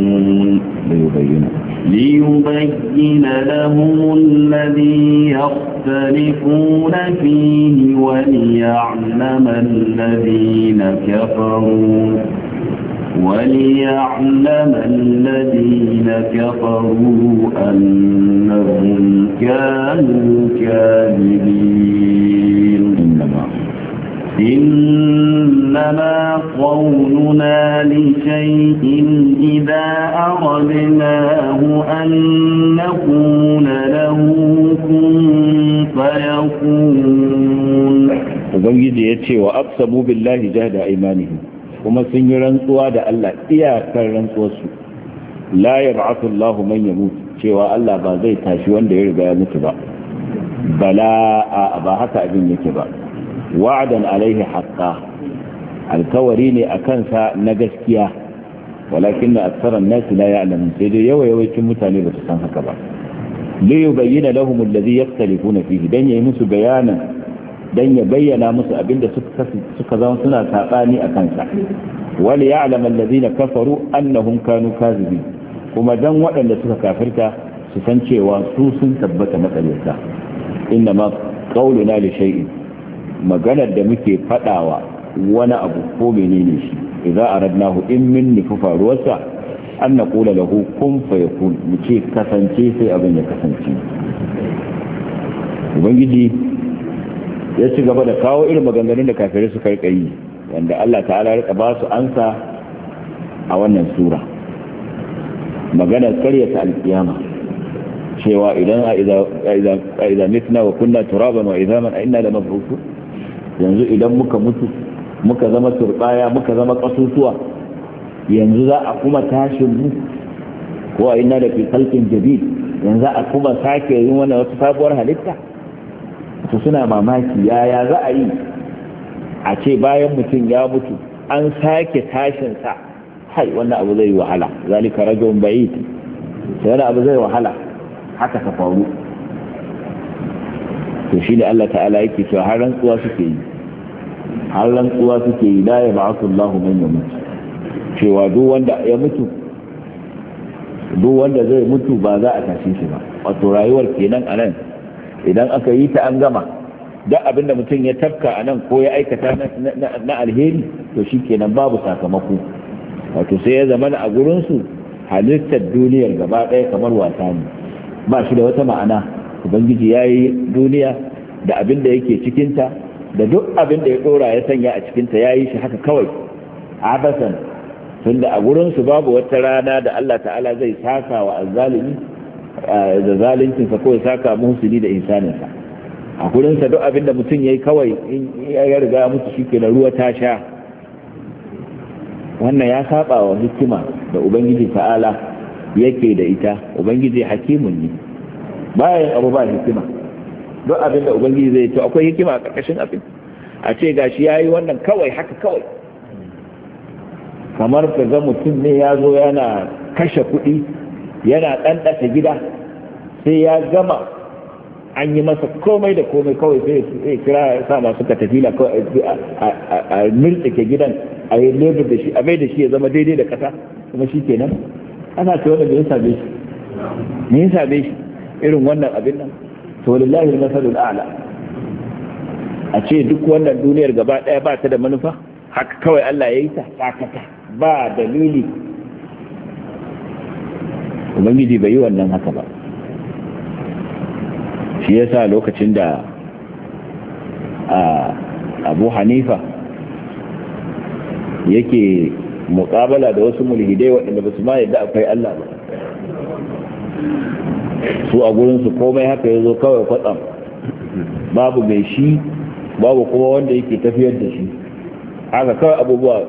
ليبين ليبين لهم الذي يختلفون فيه وليعلم الذين كفروا وليعلم الذين كفروا أنهم كانوا كاذبين إنما قولنا لشيء إذا أردناه أن نكون له كن فيكون Ubangiji ya ce wa aksabu billahi jahda imanihim kuma sun yi rantsuwa da Allah iyakar rantsuwarsu la yab'athu Allahu man yamut cewa Allah ba zai tashi wanda ya riga ya mutu ba bala a ba haka abin yake ba wa'adan alaihi haqqa alkawari ne a kansa na gaskiya walakin na aksaran nasu la ya'lamun sai dai yawa yawancin mutane ba su san haka ba li yubayyana lahum alladhi yaktalifuna fihi dan yayi musu bayanan dan ya bayyana musu abinda suka suka zama suna sabani a kansa wal ya'lam alladhina kafaru annahum kanu kazibin kuma dan waɗanda suka kafirta su san cewa su sun tabbata matsalarsa inna ma qauluna li shay'in maganar da muke fadawa wani abu ko menene shi idza aradnahu in min nufu faruwarsa an naqula lahu kun fayakun mu ce kasance sai abin ya kasance ubangiji ya ci gaba da kawo irin maganganun da kafirai suka rika yi wanda Allah ta'ala rika ba su ansa a wannan sura maganar karyata alkiyama cewa idan a idan wa kunna turaban wa idaman a ina da mabutu yanzu idan muka mutu muka zama turbaya muka zama kasusuwa yanzu za a kuma tashin mu ko a ina da ke jabi yanzu a kuma sake yin wani wata sabuwar halitta su suna mamaki yaya za a yi a ce bayan mutum ya mutu an sake sa hai wannan abu zai wahala zalika rajulun bayit sai wani abu zai wahala haka ka faru to shi ne Allah ta'ala yake cewa har rantsuwa suke yi har rantsuwa suke yi daya ya ba'athu Allah man mutu. cewa duk wanda ya mutu duk wanda zai mutu ba za a tashi shi ba wato rayuwar kenan anan idan aka yi ta an gama duk abin da mutum ya tafka a nan ko ya aikata na alheri to shi kenan babu sakamako wato sai ya zama a gurinsu halittar duniyar gaba ɗaya kamar wasa ne ba shi da wata ma'ana ubangiji ya yi duniya da abin da yake cikinta da duk abin da ya dora ya sanya a cikinta ya yi shi haka kawai abasan tunda a gurinsu babu wata rana da Allah ta'ala zai saka wa azzalimi da zaluncinsa ko ya saka ni da insaninsa a gurinsa duk abin da mutum ya yi kawai in ya riga mutu shi ke da ruwa ta sha wannan ya saba wa hikima da ubangiji ta'ala yake da ita ubangiji hakimun ne bayan abu ba hikima don abin da ubangiji zai to akwai hikima a ƙarƙashin abin a ce gashi ya yi wannan kawai haka kawai kamar ka ga mutum ne ya zo yana kashe kuɗi yana ɗanɗata gida sai ya gama an yi masa komai da komai kawai sai ya kira ya sa masu katafila a mirtsike gidan a yi lebur da shi a mai da shi ya zama daidai da kasa kuma shi kenan ana ce wanda ya shi me ya same shi irin wannan abin nan to lillahi masalul a'la a ce duk wannan duniyar gaba daya ba ta da manufa haka kawai Allah ya yi ta sakata ba dalili ubangiji bai yi wannan haka ba shi yasa lokacin da abu hanifa yake mukabala da wasu mulhidai waɗanda ba su ma yadda akwai Allah ba su a gurinsu komai haka ya zo kawai kwatsam babu mai shi babu kuma wanda yake tafiyar da shi haka kawai abubuwa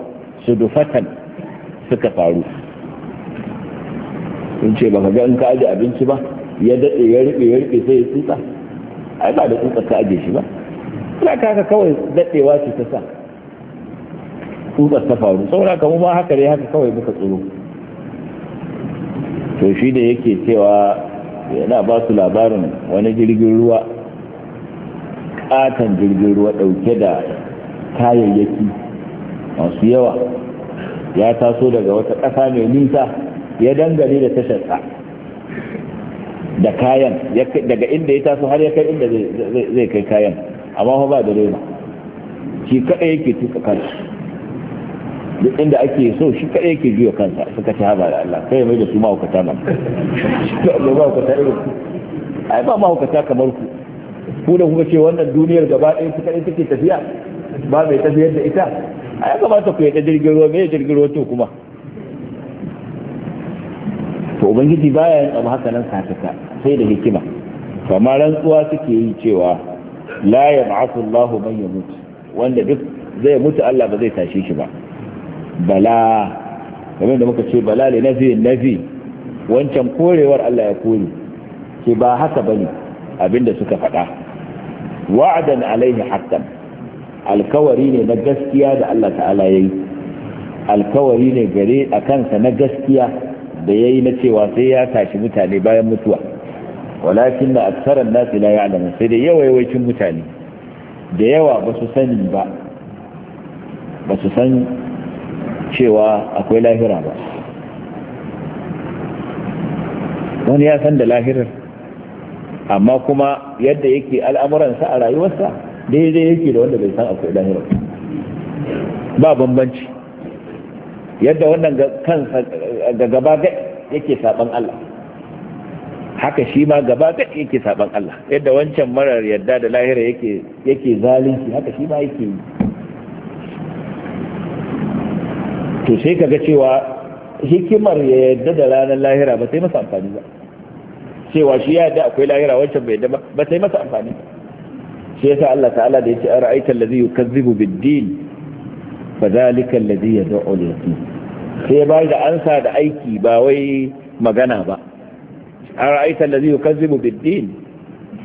su dufatan suka faru in ce baka ga in ka aje abinci ba ya daɗe ya riɓe ya riɓe sai ya tsutsa ai ba da tsutsa ka aje shi ba ina ka haka kawai daɗewa ce ta sa tsutsar ta faru saboda kamar ma haka ne haka kawai muka tsoro to shi da yake cewa yana ba su labarin wani jirgin ruwa katon jirgin ruwa dauke da kayayyaki masu yawa ya taso daga wata ƙasa mai nisa ya dangane da tasharsa da kayan daga inda ya taso har ya kai inda zai kai kayan amma ba da rema shi kaɗai yake tuka kansu duk inda ake so shi kaɗai ke juya kansa suka ci haba Allah kai mai da su mahaukata ma ba mahaukata irin ku ai ba mahaukata kamar ku ku da kuka ce wannan duniyar gaba ɗaya su kaɗai take tafiya ba mai tafiyar da ita ai kamata ku yadda jirgin ruwa mai jirgin ruwa to kuma to ubangiji baya yin abu haka nan sakaka sai da hikima Kamar rantsuwa suke yi cewa la yab'athu Allahu man yamut wanda duk zai mutu Allah ba zai tashe shi ba bala kamar da muka ce bala ne na nafi wancan korewar Allah ya kore ke ba haka bane abinda suka faɗa wa'adan alaihi haqqan alkawari ne na gaskiya da Allah ta'ala yayi alkawari ne gare a kansa na gaskiya da yayi na cewa sai ya tashi mutane bayan mutuwa walakin na aksaran nasi la ya'lamu sai da yawayawancin mutane da yawa ba su sani ba ba su san cewa akwai lahira ba wani ya san da lahirar amma kuma yadda yake al'amuransa a rayuwarsa daidai yake da wanda bai san akwai lahirar ba bambanci yadda wannan kansa ga gaba yake saban Allah haka shi ma gaba yake saban Allah yadda wancan marar yadda da lahira yake yake zalunci haka shi ma yake yi to sai kaga cewa hikimar ya yadda da ranar lahira ba sai masa amfani ba cewa shi ya yadda akwai lahira wancan bai yadda ba sai masa amfani shi yasa Allah ta'ala da yace ara'aita allazi yukazzibu bid-din fadhalika allazi yad'u al-yatim sai ba da ansa da aiki ba wai magana ba ara'aita allazi yukazzibu bid-din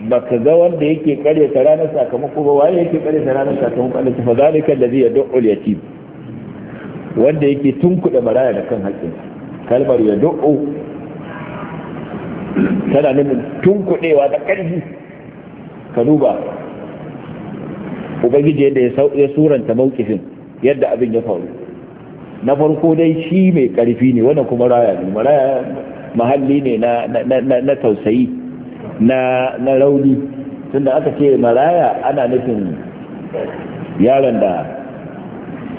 ka ga wanda yake kare ta ranar sakamako ba waye yake kare ta ranar sakamako Allah ta fadhalika allazi yad'u al-yatim wanda yake tunkuɗe maraya da kan haƙƙin kalmar ya do'o tana nufin tunkuɗewa da ƙarfi ka duba ubangiji yadda ya suranta mawkifin yadda abin ya faru na farko dai shi mai ƙarfi ne wannan kuma raya ne maraya mahalli ne na tausayi na rauni tunda aka ce maraya ana nufin yaron da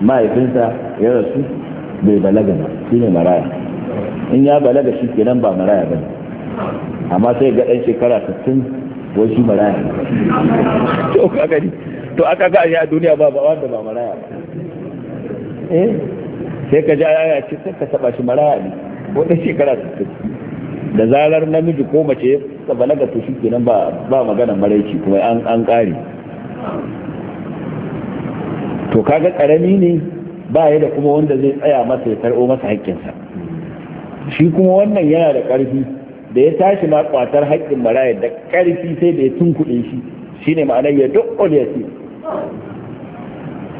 mahaifinsa ya rasu bai balaga ba shi ne maraya in ya balaga shi kenan ba maraya ba amma sai ga ɗan shekara 60 wai shi maraya to kaga ni to aka ga a duniya ba ba wanda ba maraya ba eh sai ka ji aya ce sai ka taɓa shi maraya ne wata shekara 60 da zarar namiji ko mace ya balaga to shi kenan ba ba magana maraici kuma an an kare to kaga karami ne ba ya da kuma wanda zai tsaya masa ya karɓo masa haƙƙinsa shi kuma wannan yana da ƙarfi da ya tashi ma ƙwatar haƙƙin maraya da ƙarfi sai da ya tunkuɗe shi shi ne ma'anar ya da ya ce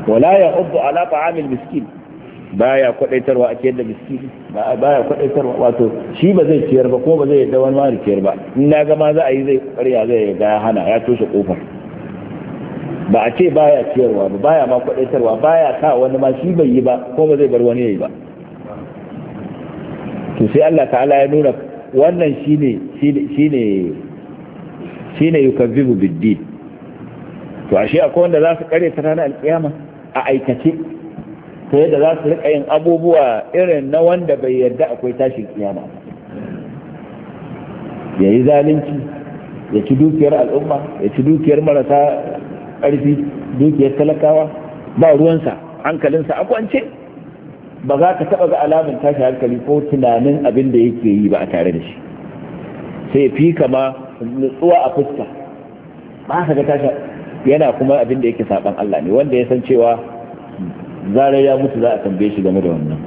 wala ya ubu ala ta'amil miskin baya kwadaitarwa ake da Ba baya kwadaitarwa wato shi ba zai ciyar ba kuma ba zai yadda wani ma ciyar ba in na ga za a yi zai ƙarya zai ga hana ya toshe kofar ba a ce baya ciyarwa ba baya ma kwadaitarwa baya ka wani ma shi bai yi ba ko ba zai bar wani yayi ba to sai Allah ta'ala ya nuna wannan shine shine shine yukazzibu biddin to ashe akwai wanda za su kare ta ranar alkiyama a aikace ta yadda za su rika yin abubuwa irin na wanda bai yarda akwai tashin kiyama ya yi zalunci ya ci dukiyar al'umma ya ci dukiyar marasa ƙarfi dukiyar talakawa ba ruwansa hankalinsa a kwance ba za ka taɓa ga alamun tashi hankali ko tunanin abin da yake yi ba a tare da shi sai fi kama nutsuwa a fuska ba ka ga tashi yana kuma abin da yake saban Allah ne wanda ya san cewa zarar ya mutu za a tambaye shi game da wannan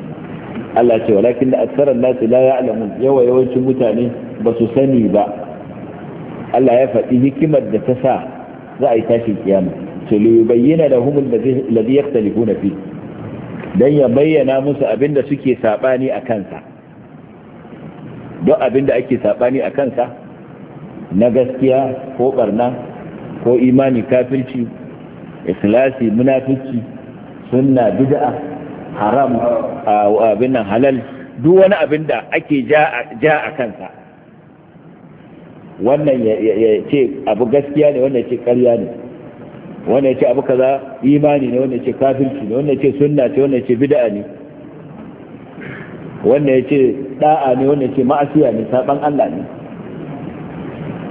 Allah ce walakin da asarar nasi la ya'lamu yawa yawancin mutane ba su sani ba Allah ya faɗi hikimar da ta sa za a yi tashin kiyama da humul bayyana lahum alladhi yakhtalifuna fi don ya bayyana musu abinda suke saɓani a kansa don abinda ake saɓani a kansa na gaskiya ko ɓarna ko imani kafirci ikhlasi munafici sunna bid'a haram abin nan halal duk wani abin da ake ja a kansa wannan ya ce abu gaskiya ne wannan ya ce karya ne wannan ya ce abu kaza imani ne wannan ya ce kafirci ne wannan ya ce sunna ce wannan ya ce bid'a ne wannan ya ce da'a ne wannan ya ce ma'asiya ne saban Allah ne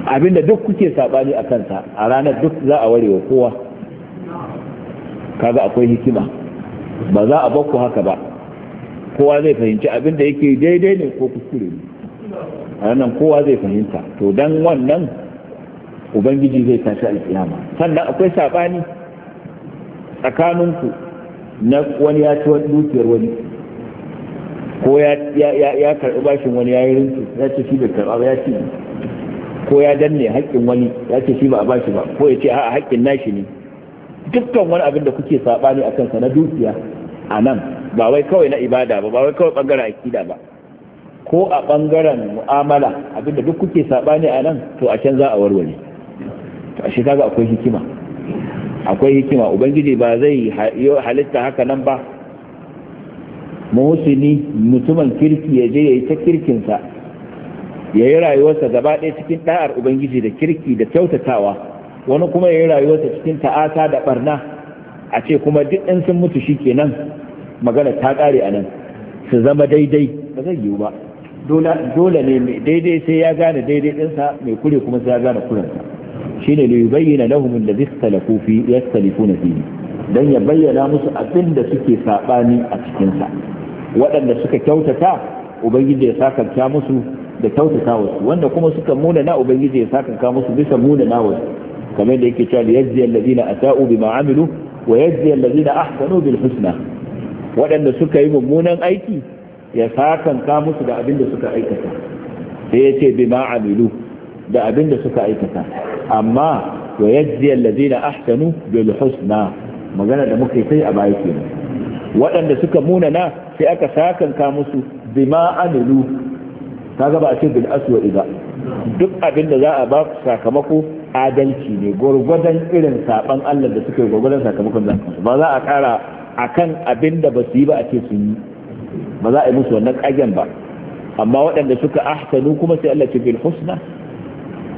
abinda duk kuke sabani a kansa a ranar duk za a ware wa kowa kaga akwai hikima ba za a bakku haka ba kowa zai fahimci abinda yake daidai ne ko kuskure ne nan kowa zai fahimta to dan wannan ubangiji zai tashi alkiyama sannan akwai sabani tsakaninku na wani ya ci dukiyar wani ko ya karɓi bashin wani ya yi rinsu ya ce shi bai karɓa ya ci ko ya danne haƙƙin wani ya ce shi ba a bashi ba ko ya ce a haƙƙin nashi ne dukkan wani abin da kuke saɓani a kansa na dukiya a nan ba wai kawai na ibada ba ba wai kawai ɓangaren akida ba ko a ɓangaren mu'amala abinda duk kuke saɓani a nan to a can za a warware to a kaga akwai hikima akwai hikima ubangiji ba zai halitta haka nan ba muhusini mutumin kirki ya je ya yi ta kirkinsa ya yi rayuwarsa gaba ɗaya cikin ɗa'ar ubangiji da kirki da kyautatawa wani kuma ya yi rayuwarsa cikin ta'ata da barna a ce kuma duk ɗan sun mutu shi kenan magana ta ƙare a nan su zama daidai ba zai yiwu ba dole ne mai daidai sai ya gane daidai ɗinsa mai kure kuma sai ya gane kurensa shi ne lai bayyana lahumin da zista da kofi ya salifu na fili don ya bayyana musu abin da suke saɓani a cikinsa waɗanda suka kyautata ubangiji ya sakanta musu da kyautata wasu wanda kuma suka muna na ubangiji ya sakanta musu bisa muna na wasu kamar da yake cewa zina a sa'u bi ma'amilu wa zina a ahsanu bil husna waɗanda suka yi mummunan aiki ya sakanta musu da abin da suka aikata sai ya ce bima amilu da abin da suka aikata amma wa yajzi allazina ahsanu bil husna magana da muka sai a baya ke waɗanda suka munana sai aka sakanta musu bima amilu kaga ba a ce bil aswa ba duk abin da za a ba sakamako adalci ne gwargwadon irin saban Allah da suka yi gwargwadon sakamakon zakamansu ba za a kara akan abin da ba su yi ba a ce sun yi ba za a yi musu wannan kagen ba amma waɗanda suka ahsanu kuma sai Allah ce bil husna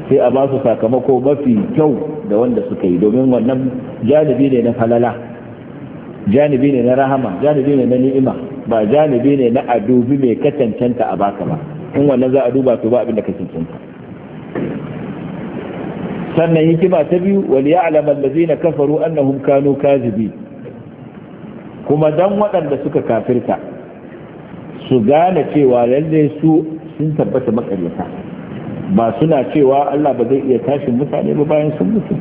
sai a ba su sakamako mafi kyau da wanda suka yi domin wannan janibi ne na falala janibi ne na rahama janibi ne na ni'ima ba janibi ne na adubi mai katancanta a baka ba in wannan za a duba to ba abin da ka cancanta sannan hikima ta biyu wal ya'lam allazina kafaru annahum kanu kazibi kuma dan waɗanda suka kafirta su gane cewa lalle su sun tabbata makaryata ba suna cewa Allah ba zai iya tashin mutane ba bayan sun mutu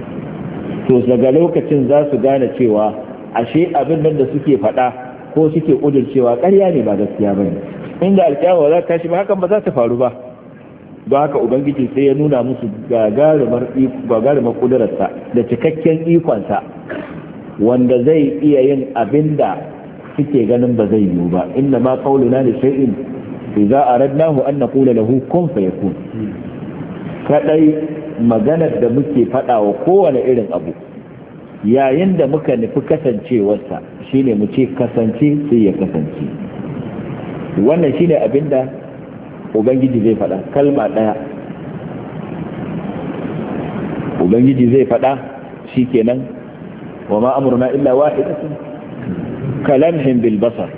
to daga lokacin za su gane cewa ashe abin nan da suke faɗa ko suke ƙudurcewa ƙarya ne ba gaskiya ba ne inda alƙiyawa za ta tashi ba hakan ba za ta faru ba Ba haka ubangiji sai ya nuna musu gagarumar ƙudurarsa da cikakken ikonsa wanda zai iya yin abinda. suke ganin ba zai yiwu ba inna ma qauluna li shay'in idza aradnahu an naqula lahu kun fayakun kadai maganar da muke faɗa wa kowane irin abu yayin da muka nufi kasancewarsa shine mu ce kasance sai ya kasance wannan shine abinda ubangiji zai faɗa kalma ɗaya ubangiji zai faɗa shikenan wa ma amruna illa wahidatun kalamhin bilbasar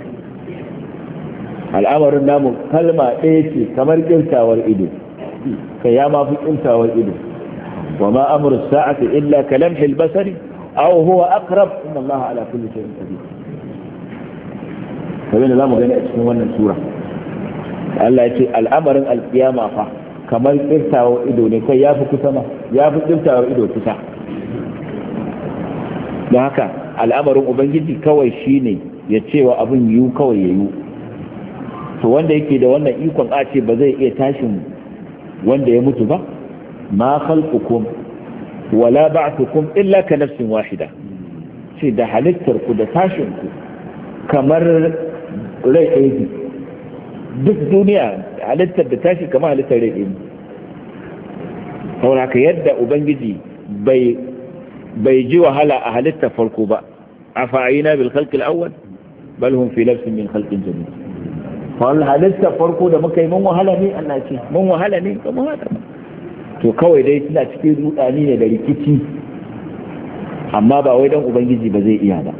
al'amarin namu kalma ɗaya ce kamar ƙirtawar ido ka ya mafi ƙirtawar ido wa ma amru sa'ati illa kalamhin basari aw huwa aqrab inna allaha ala kulli shay'in qadir kamar da zamu gani a cikin wannan sura Allah ya ce al'amarin alkiyama fa kamar ƙirtawar ido ne kai ya fi kusa ma ya fi ƙirtawar ido kusa don haka al'amarin ubangiji kawai shine ya cewa abin yiwu kawai ya yiwu to wanda yake da wannan ikon a ce ba zai iya tashin wanda ya mutu ba ma khalqukum wala ba'thukum illa ka nafsin wahida ce da halittar ku da tashin ku kamar rai ɗaya duk duniya halittar da tashi kamar halittar rai ɗaya saboda yadda ubangiji bai bai ji wahala a halitta farko ba a fa'ina bil khalqil awwal bal hum fi labsin min khalqin jadid fa halitta farko da muka yi mun wahala ne Allah ce mun wahala ne kuma haka to kawai dai suna cikin rudani ne da rikici amma ba wai dan ubangiji ba zai iya ba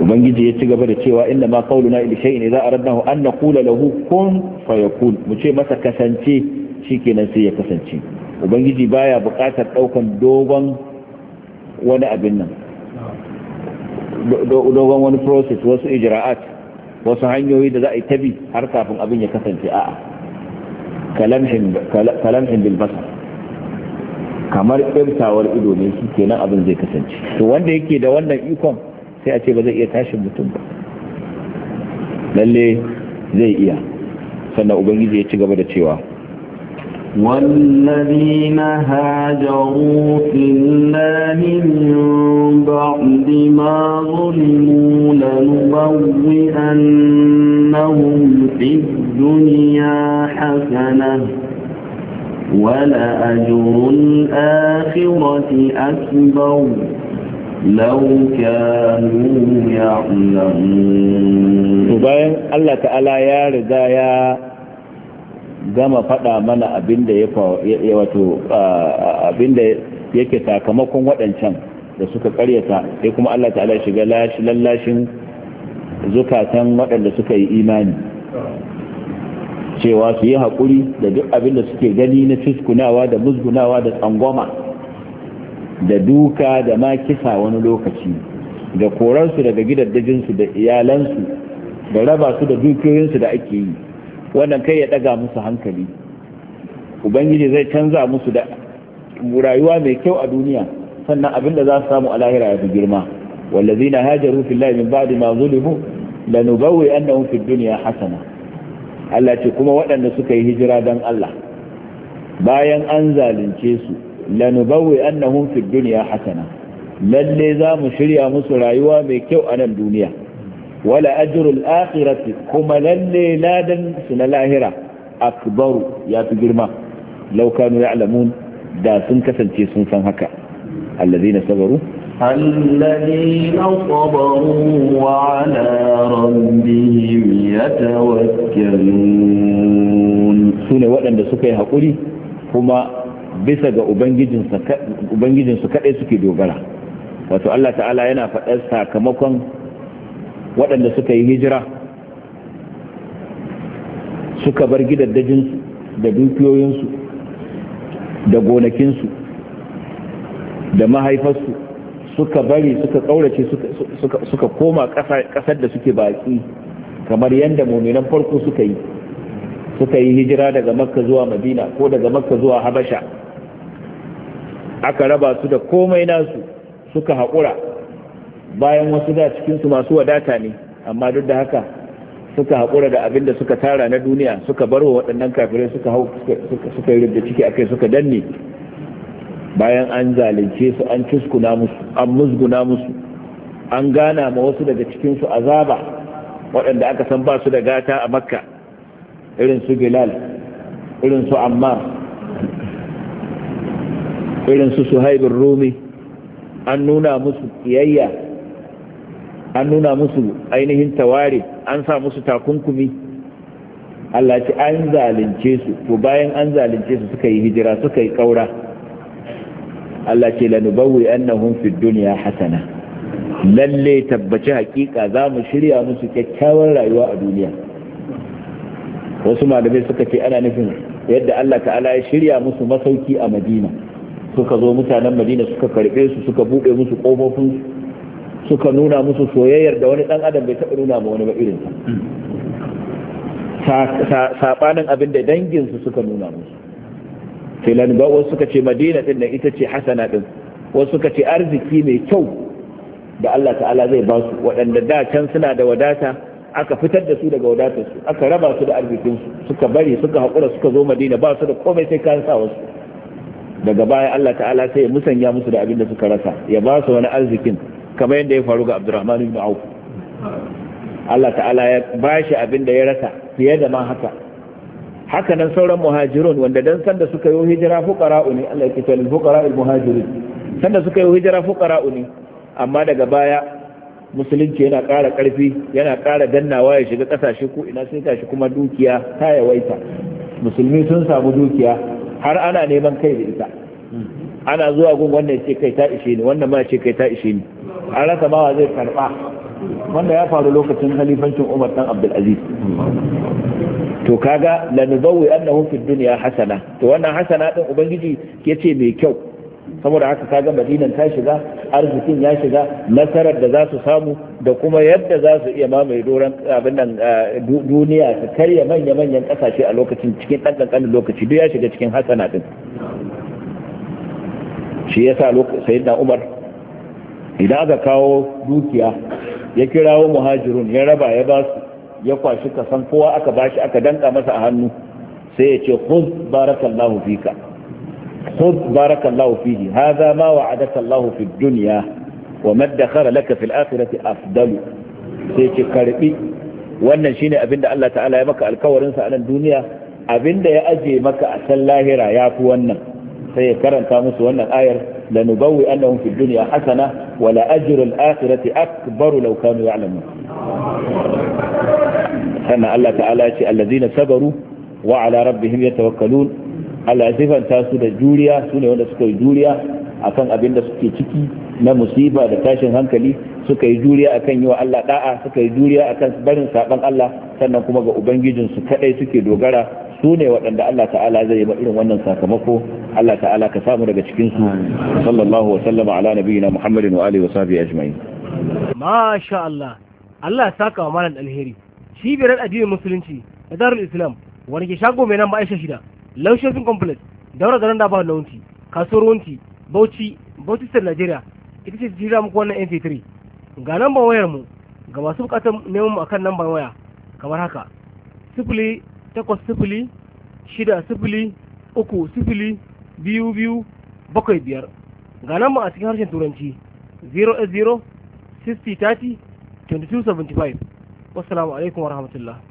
ubangiji ya ci gaba da cewa inda ma kauluna ila shay'in idza aradnahu an naqula lahu kun fayakun mu ce masa kasance shikenan sai ya kasance ubangiji baya buƙatar ɗaukan dogon wani abin nan dogon wani process wasu ijra'at wasu hanyoyi da za a yi tabi har kafin abin ya kasance a'a kalamhin bilbasa kamar irtawar ido ne shi kenan abin zai kasance to wanda yake da wannan ikon sai a ce ba zai iya tashin mutum ba lalle zai iya sannan ubangiji ya ci gaba da cewa والذين هاجروا في الله من بعد ما ظلموا لنبوئنهم في الدنيا حسنة ولأجر الآخرة أكبر لو كانوا يعلمون وبين الله تعالى يا رضا يا gama faɗa mana abin ya wato abinda yake sakamakon waɗancan da suka karyata sai kuma Allah ta'ala shiga lallashin zukatan waɗanda suka yi imani cewa su yi haƙuri da duk abin suke gani na cuskunawa da musgunawa da tsangwama da duka da ma kisa wani lokaci da korarsu daga gidaddajinsu da iyalansu da raba su da dukiyoyinsu da ake yi wannan kai ya daga musu hankali ubangiji zai canza musu da rayuwa mai kyau a duniya sannan abin da za su samu a lahira ya fi girma wallazina hajaru fillahi min ba'di ma zulimu lanubawwi annahum fid dunya hasana Allah ce kuma waɗanda suka yi hijira dan Allah bayan an zalunce su lanubawwi annahum fid dunya hasana lalle za mu shirya musu rayuwa mai kyau a nan duniya wala ajrul akhirati kuma lalle ladan su na lahira akbaru ya fi girma law kanu ya'lamun da sun kasance sun san haka allazina sabaru الذين صبروا وعلى ربهم يتوكلون waɗanda suka yi hakuri kuma bisa ga Ubangijinsu kaɗai suke dogara, wato Allah ta'ala yana faɗar sakamakon waɗanda suka yi hijira suka bar gidaddajinsu da dukiyoyinsu da gonakinsu da mahaifarsu suka bari suka ƙaurace suka koma ƙasar da suke baƙi kamar yadda muminan farko suka yi suka yi hijira daga makka zuwa madina ko daga makka zuwa habasha aka raba su da komai nasu suka haƙura bayan wasu da cikinsu masu wadata ne amma duk da haka suka haƙura da abin da suka tara na duniya suka bar wa waɗannan kafirai suka hau suka yi da ciki akai suka danne bayan an zalunce su an cuskuna musu an musguna musu an gana ma wasu daga cikinsu azaba waɗanda aka san ba su da gata a makka irin su bilal irin su ammar irin su suhaibin rumi an nuna musu kiyayya an nuna musu ainihin taware an sa musu takunkumi Allah ce an zalunce su to bayan an zalunce su suka yi hijira suka yi kaura Allah ce lanubawwi annahum fid dunya hasana lalle tabbaci hakika za mu shirya musu kyakkyawar rayuwa a duniya wasu malamai suka ce ana nufin yadda Allah ta'ala ya shirya musu masauki a Madina suka zo mutanen Madina suka karɓe su suka buɗe musu kofofin suka nuna musu soyayyar da wani dan adam bai taɓa nuna ma wani ba irin saɓanin abin da danginsu suka nuna musu filan ba wasu suka ce madina ɗin nan ita ce hasana ɗin wasu suka ce arziki mai kyau da Allah ta'ala zai ba su waɗanda da can suna da wadata aka fitar da su daga wadatar su. aka raba su da arzikinsu suka bari suka haƙura suka zo madina ba su da komai sai kayan sa wasu daga baya Allah ta'ala sai ya musanya musu da abin da suka rasa ya ba su wani arzikin kamar yadda ya faru ga abdurrahman ibn auf Allah ta'ala ya bashi abin da ya rasa fiye da ma haka haka nan sauran muhajirun wanda dan sanda suka yi hijira fuqara ne Allah ya ce fuqara al muhajirin sanda suka yi hijira fuqara ne amma daga baya musulunci yana ƙara ƙarfi yana ƙara dannawa ya shiga ƙasashe ko ina sai shi kuma dukiya ta yawaita musulmi sun samu dukiya har ana neman kai da ita ana zuwa gun wannan ce kai ta ishe ni wannan ma ce kai ta ishe ni an rasa mawa zai karba wanda ya faru lokacin halifancin Umar dan Abdul Aziz to kaga la nubawi annahu fid dunya hasana to wannan hasana din ubangiji yace mai kyau saboda haka kaga madinan ta shiga arzikin ya shiga nasarar da za su samu da kuma yadda za su iya mamaye doron abin nan duniya su karya manya-manyan kasashe a lokacin cikin ɗan ƙanƙanin lokaci duk ya shiga cikin hasana din shi yasa lokacin da Umar idan aka kawo dukiya ya kirawo muhajirun ya raba ya ba su ya kwashi kasan kowa aka bashi aka danka masa a hannu sai ya ce khudh barakallahu fika khudh barakallahu fihi hadha ma wa'adaka Allah fi duniya wa ma laka fil afdalu sai ce karbi wannan shine abinda Allah ta'ala ya maka alkawarin sa a nan duniya abinda ya aje maka a san lahira ya fi wannan sai ya karanta musu wannan ayar da nubawi annahum fid dunya hasana wa la ajru al akhirati akbaru law kanu ya'lamun sannan Allah ta'ala ya ce allazina sabaru wa ala rabbihim yatawakkalun Allah ya sifanta su da juriya sune wanda suka yi juriya akan abin da suke ciki na musiba da tashin hankali suka yi juriya akan yi wa Allah da'a suka yi juriya akan barin saban Allah sannan kuma ga ubangijin su kadai suke dogara su ne waɗanda Allah ta'ala zai ba irin wannan sakamako Allah ta'ala ka samu daga cikin su sallallahu wa sallama ala nabiyina Muhammadin wa alihi wa sahbihi ajma'in masha Allah Allah ya saka wa malam alheri cibiyar addinin musulunci da darul islam wani ke shago mai nan ba aisha shida laushin complex daura garin da ba launti kasuwar wanti, bauchi bauchi sir Najeriya ita ce jira muku wannan mp3 ga namban wayar mu ga masu bukatar neman mu akan namban waya kamar haka sifili takwas sifili shida sifili uku sifili biyu biyu bakwai biyar ga namban a cikin harshen turanci 080 60 30 2275 wassalamu alaikum warahmatullahi